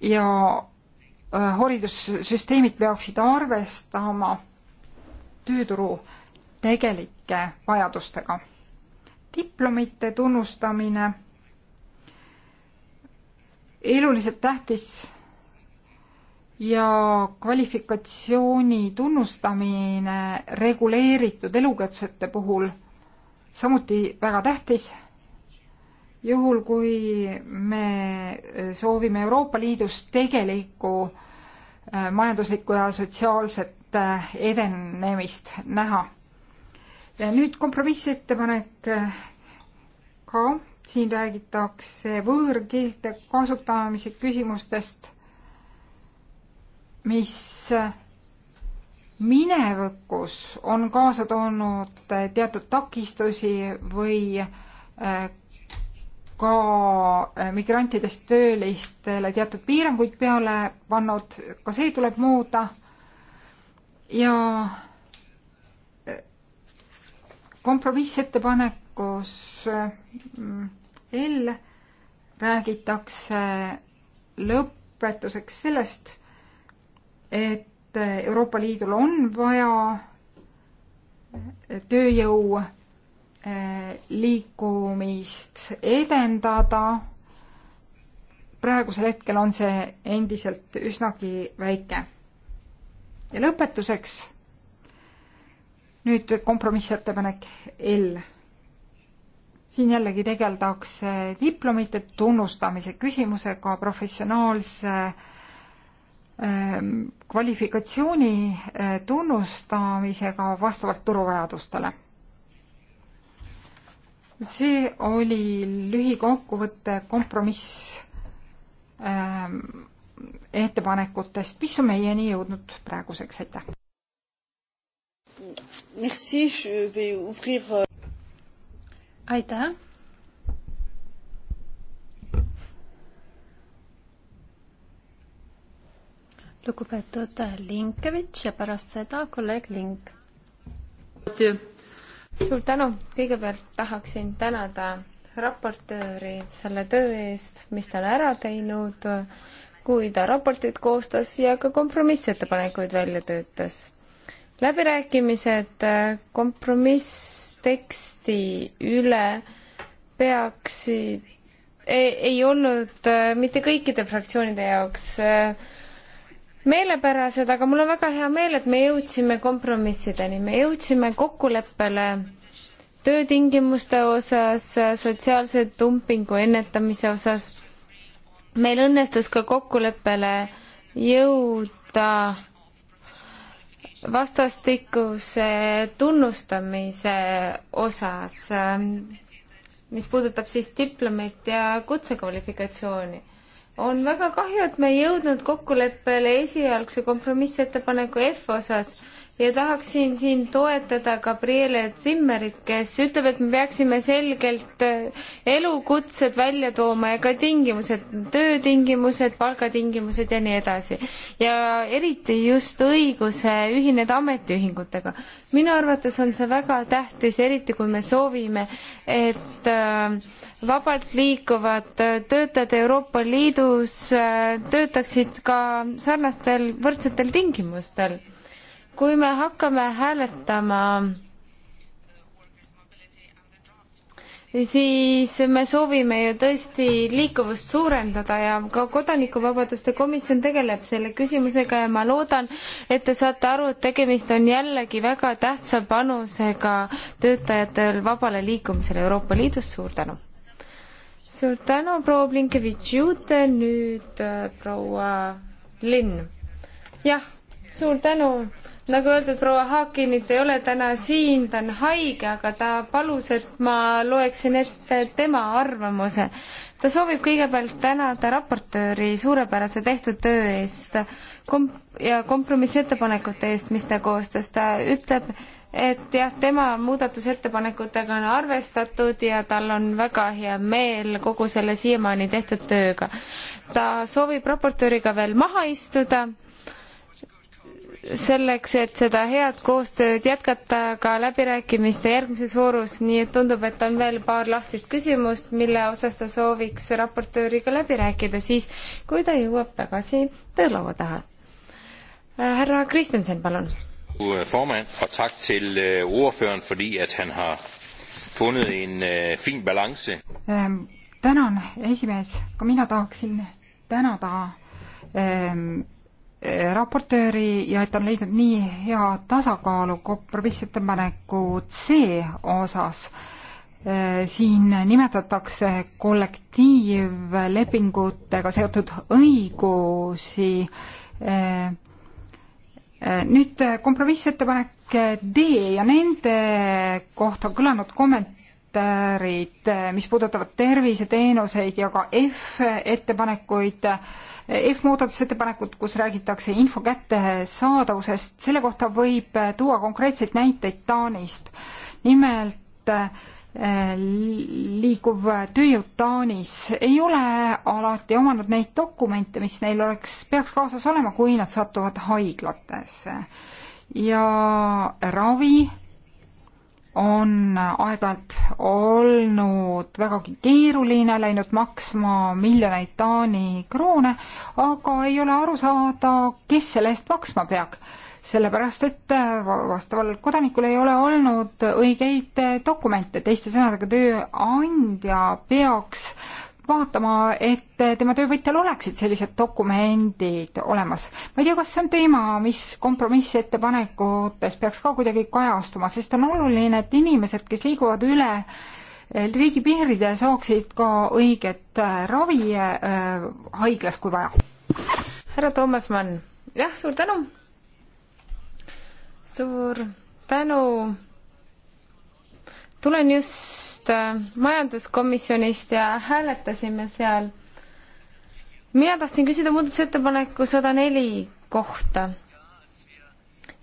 ja äh, haridussüsteemid peaksid arvestama tööturu tegelike vajadustega. diplomite tunnustamine, eluliselt tähtis ja kvalifikatsiooni tunnustamine reguleeritud elukatsete puhul samuti väga tähtis. juhul, kui me soovime Euroopa Liidus tegelikku äh, majanduslikku ja sotsiaalset äh, edenemist näha. nüüd kompromissettepanek äh, ka, siin räägitakse võõrkeelte kasutamise küsimustest mis minevikus on kaasa toonud teatud takistusi või äh, ka äh, migrantidest töölistele teatud piiranguid peale pannud, ka see tuleb muuta. ja äh, kompromissettepanekus L räägitakse lõpetuseks sellest, et Euroopa Liidul on vaja tööjõu eh, liikumist edendada. praegusel hetkel on see endiselt üsnagi väike. ja lõpetuseks nüüd kompromissettepanek L. siin jällegi tegeldakse diplomite tunnustamise küsimusega professionaalse äh, Ähm, kvalifikatsiooni äh, tunnustamisega vastavalt turuvajadustele. see oli lühikokkuvõte kompromiss ähm, ettepanekutest, mis on meieni jõudnud praeguseks, aitäh. Euh, aitäh lugupeetud Linkevitš ja pärast seda kolleeg Link. suur tänu, kõigepealt tahaksin tänada raportööri selle töö eest, mis ta on ära teinud, kui ta raportit koostas ja ka kompromissettepanekuid välja töötas. läbirääkimised kompromissteksti üle peaksid ei, ei olnud äh, mitte kõikide fraktsioonide jaoks äh, meelepärased, aga mul on väga hea meel, et me jõudsime kompromissideni, me jõudsime kokkuleppele töötingimuste osas, sotsiaalse dumpingu ennetamise osas. meil õnnestus ka kokkuleppele jõuda vastastikuse tunnustamise osas, mis puudutab siis diplomit ja kutsekvalifikatsiooni on väga kahju, et me ei jõudnud kokkuleppele esialgse kompromissettepaneku F osas ja tahaksin siin toetada Gabriele Zimmerit, kes ütleb, et me peaksime selgelt äh, elukutsed välja tooma ja ka tingimused, töötingimused, palgatingimused ja nii edasi. ja eriti just õiguse ühineda ametiühingutega. minu arvates on see väga tähtis, eriti kui me soovime, et äh, vabalt liikuvad äh, töötajad Euroopa Liidus töötaksid ka sarnastel võrdsetel tingimustel kui me hakkame hääletama siis me soovime ju tõesti liikuvust suurendada ja ka Kodanikuvabaduste komisjon tegeleb selle küsimusega ja ma loodan, et te saate aru, et tegemist on jällegi väga tähtsa panusega töötajatel vabale liikumisele Euroopa Liidus, suur tänu! suur tänu, proua Blinkevitš-Jute, nüüd äh, proua Linn. jah, suur tänu! nagu öeldud, proua Haakinit ei ole täna siin, ta on haige, aga ta palus, et ma loeksin ette tema arvamuse. ta soovib kõigepealt tänada raportööri suurepärase tehtud töö eest kom- ja kompromissettepanekute eest, mis ta koostas, ta ütleb, et jah, tema muudatusettepanekutega on arvestatud ja tal on väga hea meel kogu selle siiamaani tehtud tööga. ta soovib raportööriga veel maha istuda selleks, et seda head koostööd jätkata ka läbirääkimiste järgmises voorus, nii et tundub, et on veel paar lahtist küsimust, mille osas ta sooviks raportööriga läbi rääkida siis, kui ta jõuab tagasi töölaua taha. härra Kristjanson, palun. formand ja tak til øh, ordføreren, fordi et han har funnet en øh, fin balanse. Ehm, tänan, esimees, ka mina tahaksin tänada ähm, raportööri ja et on leidnud nii hea tasakaalu kompromissettepaneku C osas. Äh, siin nimetatakse kollektiivlepingutega seotud õigusi. Äh, äh, nüüd kompromissettepanek D ja nende kohta on kõlanud komment-, kommentaarid, eh, mis puudutavad terviseteenuseid ja ka F-ettepanekuid, eh, F-muudatusettepanekut, kus räägitakse info kättesaadavusest, selle kohta võib eh, tuua konkreetseid näiteid Taanist. nimelt liiguv tööjõud Taanis ei ole alati omanud neid dokumente, mis neil oleks, peaks kaasas olema, kui nad satuvad haiglatesse. ja ravi on aeg-ajalt olnud vägagi keeruline, läinud maksma miljoneid Taani kroone, aga ei ole aru saada, kes selle eest maksma peab. sellepärast, et vastaval kodanikul ei ole olnud õigeid dokumente, teiste sõnadega tööandja peaks vaatama, et tema töövõtjal oleksid sellised dokumendid olemas. ma ei tea, kas see on teema, mis kompromissettepanekutes peaks ka kuidagi kajastuma, sest on oluline, et inimesed, kes liiguvad üle riigipiiride, saaksid ka õiget äh, ravi äh, haiglas, kui vaja. härra Toomas Mann, jah, suur tänu! suur tänu tulen just äh, majanduskomisjonist ja hääletasime seal. mina tahtsin küsida muudatusettepaneku sada neli kohta.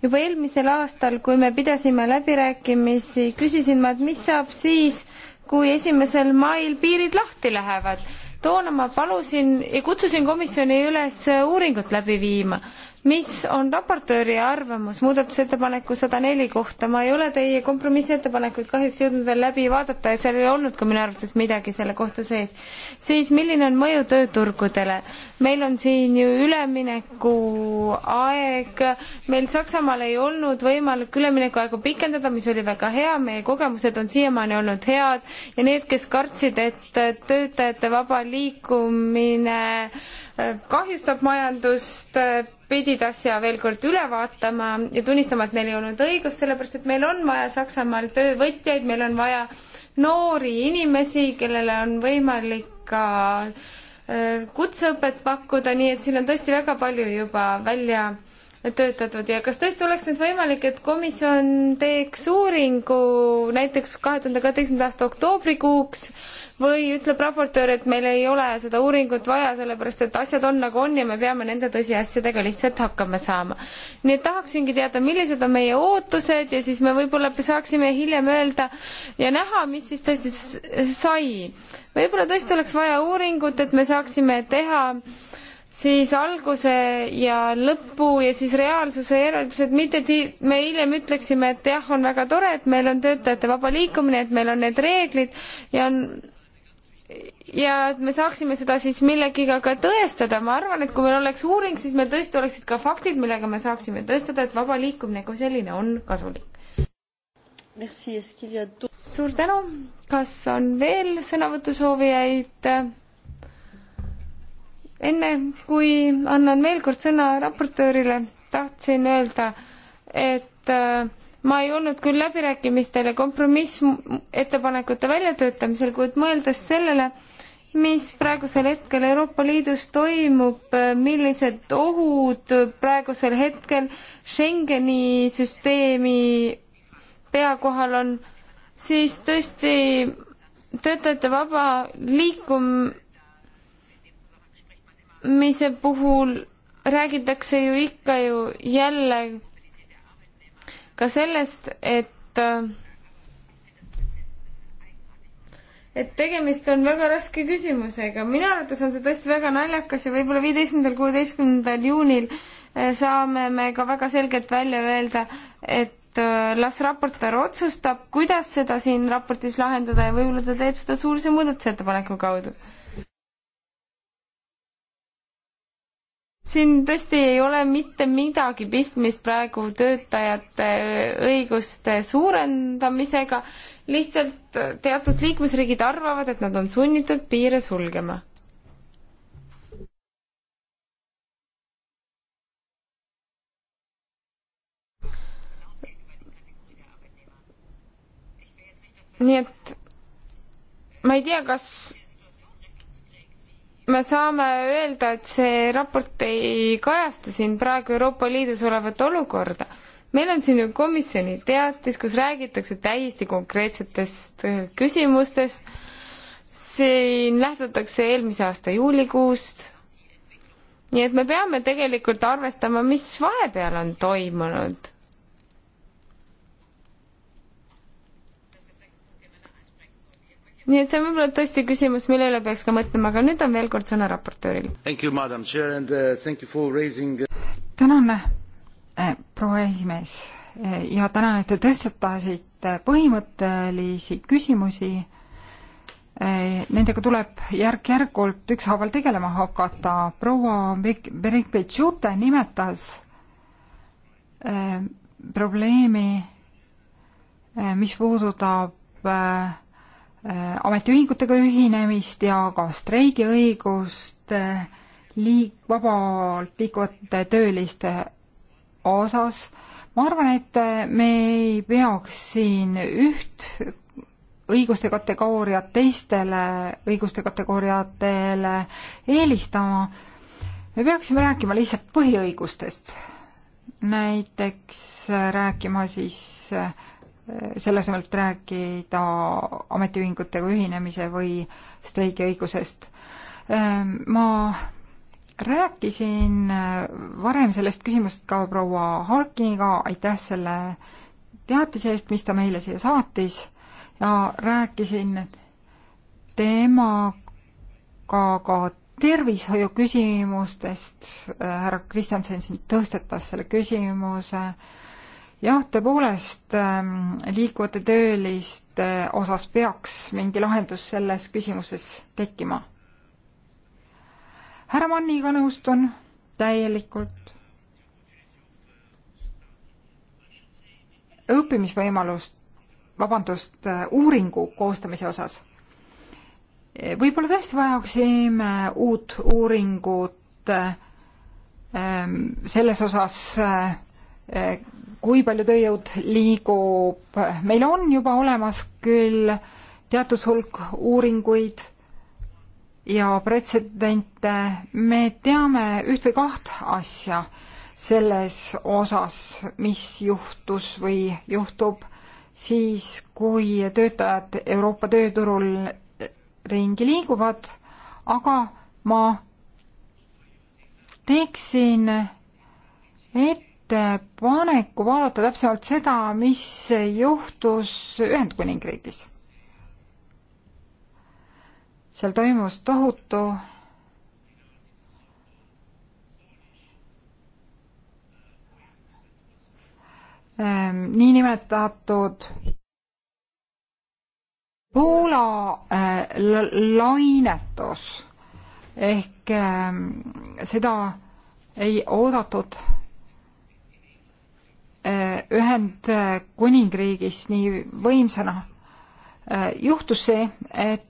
juba eelmisel aastal, kui me pidasime läbirääkimisi, küsisin ma, et mis saab siis, kui esimesel mail piirid lahti lähevad. toona ma palusin ja kutsusin komisjoni üles uuringut läbi viima mis on raportööri arvamus muudatusettepaneku sada neli kohta? ma ei ole teie kompromissettepanekuid kahjuks jõudnud veel läbi vaadata ja seal ei olnud ka minu arvates midagi selle kohta sees. siis milline on mõju tööturgudele? meil on siin ju üleminekuaeg, meil Saksamaal ei olnud võimalik üleminekuaegu pikendada, mis oli väga hea, meie kogemused on siiamaani olnud head ja need, kes kartsid, et töötajate vaba liikumine eh, kahjustab majandust, eh, pidid asja veel kord üle vaatama ja tunnistama, et neil ei olnud õigust, sellepärast et meil on vaja Saksamaal töövõtjaid, meil on vaja noori inimesi, kellele on võimalik ka äh, kutseõpet pakkuda, nii et siin on tõesti väga palju juba välja töötatud ja kas tõesti oleks nüüd võimalik, et komisjon teeks uuringu näiteks kahe tuhande kaheteistkümnenda aasta oktoobrikuuks või ütleb raportöör, et meil ei ole seda uuringut vaja, sellepärast et asjad on nagu on ja me peame nende tõsiasjadega lihtsalt hakkama saama. nii et tahaksingi teada, millised on meie ootused ja siis me võib-olla saaksime hiljem öelda ja näha, mis siis tõesti sai. võib-olla tõesti oleks vaja uuringut, et me saaksime teha äh, siis alguse ja lõpu ja siis reaalsuse järeldused, mitte ti-, me hiljem ütleksime, et jah, on väga tore, et meil on töötajate vaba liikumine, et meil on need reeglid ja on ja et me saaksime seda siis millegiga ka tõestada, ma arvan, et kui meil oleks uuring, siis meil tõesti oleksid ka faktid, millega me saaksime tõestada, et vaba liikumine kui selline on kasulik. suur tänu, kas on veel sõnavõtusoovijaid? enne kui annan veel kord sõna raportöörile, tahtsin öelda, et äh, ma ei olnud küll läbirääkimistel ja kompromissettepanekute väljatöötamisel, kuid mõeldes sellele, mis praegusel hetkel Euroopa Liidus toimub, äh, millised ohud praegusel hetkel Schengeni süsteemi pea kohal on, siis tõesti töötajate vaba liikum-, koondamise puhul räägitakse ju ikka ju jälle ka sellest, et et tegemist on väga raske küsimusega. minu arvates on see tõesti väga naljakas ja võib-olla viieteistkümnendal, kuueteistkümnendal juunil äh, saame me ka väga selgelt välja öelda, et äh, las raportöör otsustab, kuidas seda siin raportis lahendada ja võib-olla ta teeb seda suulise muudatusettepaneku kaudu siin tõesti ei ole mitte midagi pistmist praegu töötajate õiguste suurendamisega, lihtsalt teatud liikmesriigid arvavad, et nad on sunnitud piire sulgema. nii et ma ei tea, kas me saame öelda, et see raport ei kajasta siin praegu Euroopa Liidus olevat olukorda. meil on siin ju komisjoni teatis, kus räägitakse täiesti konkreetsetest äh, küsimustest, siin lähtutakse eelmise aasta juulikuust, nii et me peame tegelikult arvestama, mis vahepeal on toimunud nii et see on võib-olla tõesti küsimus, mille üle peaks ka mõtlema, aga nüüd on veel kord sõna raportööril. Uh, raising... Uh, tänan eh,, proua esimees äh, ja tänan, et te tõstatasite põhimõttelisi küsimusi äh, nendega tuleb järk-järgult ükshaaval tegelema hakata. proua Berikbetšute nimetas äh, probleemi äh,, mis puudutab äh, Äh, ametiühingutega ühinemist ja ka streigiõigust äh, liik-, vabalt liikuvate tööliste osas. ma arvan, et äh, me ei peaks siin üht õiguste kategooriat teistele õiguste kategooriatele eelistama. me peaksime rääkima lihtsalt põhiõigustest. näiteks rääkima siis äh, selle asemel, et rääkida ametiühingutega ühinemise või streigiõigusest. Ehm, ma rääkisin eh, varem sellest küsimusest ka proua Harkiniga, aitäh selle teatise eest, mis ta meile siia saatis, ja rääkisin temaga ka, ka tervishoiuküsimustest, härra Kristjansen siin tõstetas selle küsimuse äh,, jah, tõepoolest ähm, liikuvate tööliste osas peaks mingi lahendus selles küsimuses tekkima. härra Manniga nõustun täielikult. õppimisvõimalust, vabandust, äh, uuringu koostamise osas. võib-olla tõesti vajaksime uut uuringut äh, ähm, selles osas, äh, kui palju tööjõud liigub, meil on juba olemas küll teatud hulk uuringuid ja pretsedente, me teame üht või kaht asja selles osas, mis juhtus või juhtub siis, kui töötajad Euroopa tööturul ringi liiguvad, aga ma teeksin et-, ettepaneku äh, vaadata täpsemalt seda, mis juhtus Ühendkuningriigis. seal toimus tohutu ähm, niinimetatud Poola äh, lainetus ehk äh, seda ei oodatud Äh, Ühendkuningriigis nii võimsana, äh, juhtus see, et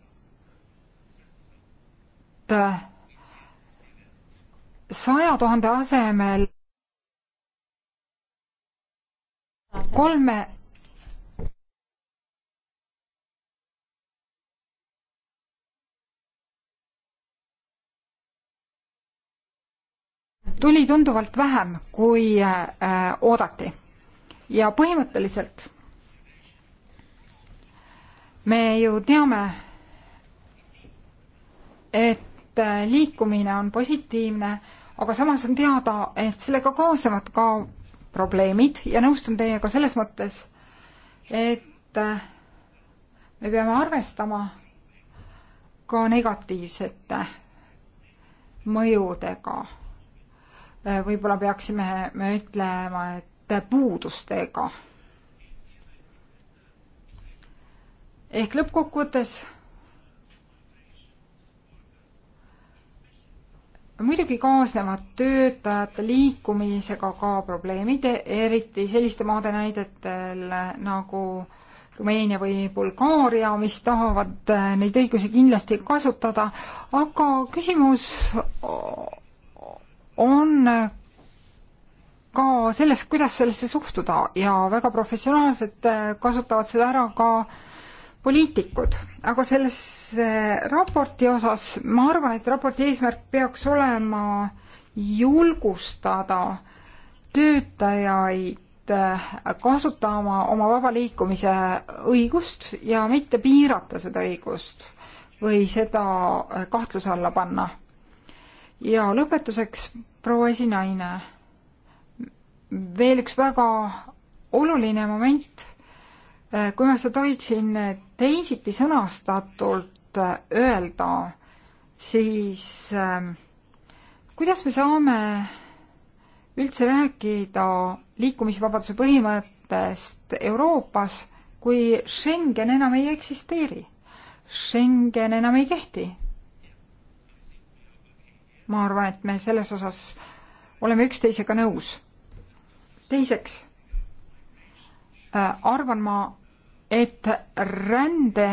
äh, saja tuhande asemel kolme tuli tunduvalt vähem, kui oodati ja põhimõtteliselt me ju teame, et liikumine on positiivne, aga samas on teada, et sellega kaasnevad ka probleemid ja nõustun teiega selles mõttes, et me peame arvestama ka negatiivsete mõjudega. võib-olla peaksime me ütlema, et teatavate puudustega. ehk lõppkokkuvõttes muidugi kaasnevad töötajate liikumisega ka probleemid, eriti selliste maade näidetel nagu Rumeenia või Bulgaaria, mis tahavad äh, neid õigusi kindlasti kasutada, aga küsimus on ka sellest, kuidas sellesse suhtuda ja väga professionaalselt äh, kasutavad seda ära ka poliitikud, aga selles raporti osas ma arvan, et raporti eesmärk peaks olema julgustada töötajaid äh, kasutama oma vaba liikumise õigust ja mitte piirata seda õigust või seda äh, kahtluse alla panna. ja lõpetuseks, proua esinaine veel üks väga oluline moment, äh, kui ma seda tohiksin teisiti sõnastatult äh, öelda, siis ähm, kuidas me saame üldse rääkida liikumisvabaduse põhimõttest Euroopas, kui Schengen enam ei eksisteeri? Schengen enam ei kehti. ma arvan, et me selles osas oleme üksteisega nõus teiseks äh, arvan ma, et rände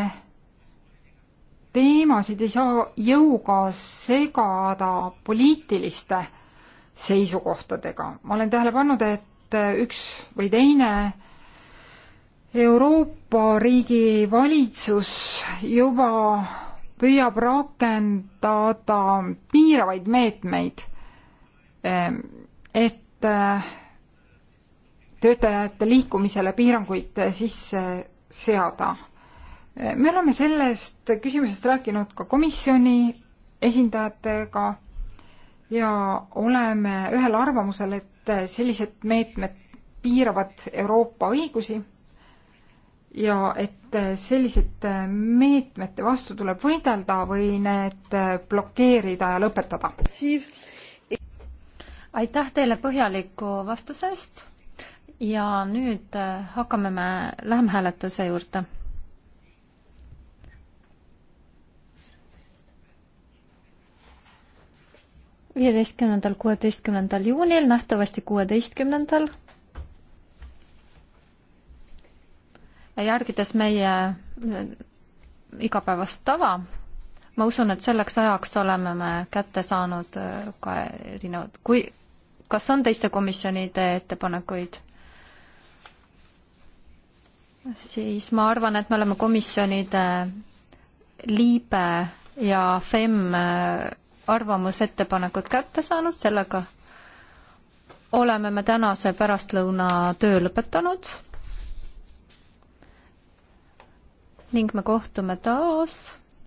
teemasid ei saa jõuga segada poliitiliste seisukohtadega. ma olen tähele pannud, et äh, üks või teine Euroopa riigi valitsus juba püüab rakendada piiravaid meetmeid, äh, et töötajate liikumisele piiranguid sisse seada. me oleme sellest küsimusest rääkinud ka komisjoni esindajatega ja oleme ühel arvamusel, et sellised meetmed piiravad Euroopa õigusi ja et sellisete meetmete vastu tuleb võidelda või need blokeerida ja lõpetada. aitäh teile põhjaliku vastuse eest ja nüüd äh, hakkame me lämmhääletuse juurde. viieteistkümnendal, kuueteistkümnendal juunil, nähtavasti kuueteistkümnendal. järgides meie äh, igapäevast tava, ma usun, et selleks ajaks oleme me kätte saanud äh, ka erinevad, kui, kas on teiste komisjonide ettepanekuid? siis ma arvan, et me oleme komisjonide liibe ja FEM äh, arvamusettepanekud kätte saanud, sellega oleme me tänase pärastlõuna töö lõpetanud ning me kohtume taas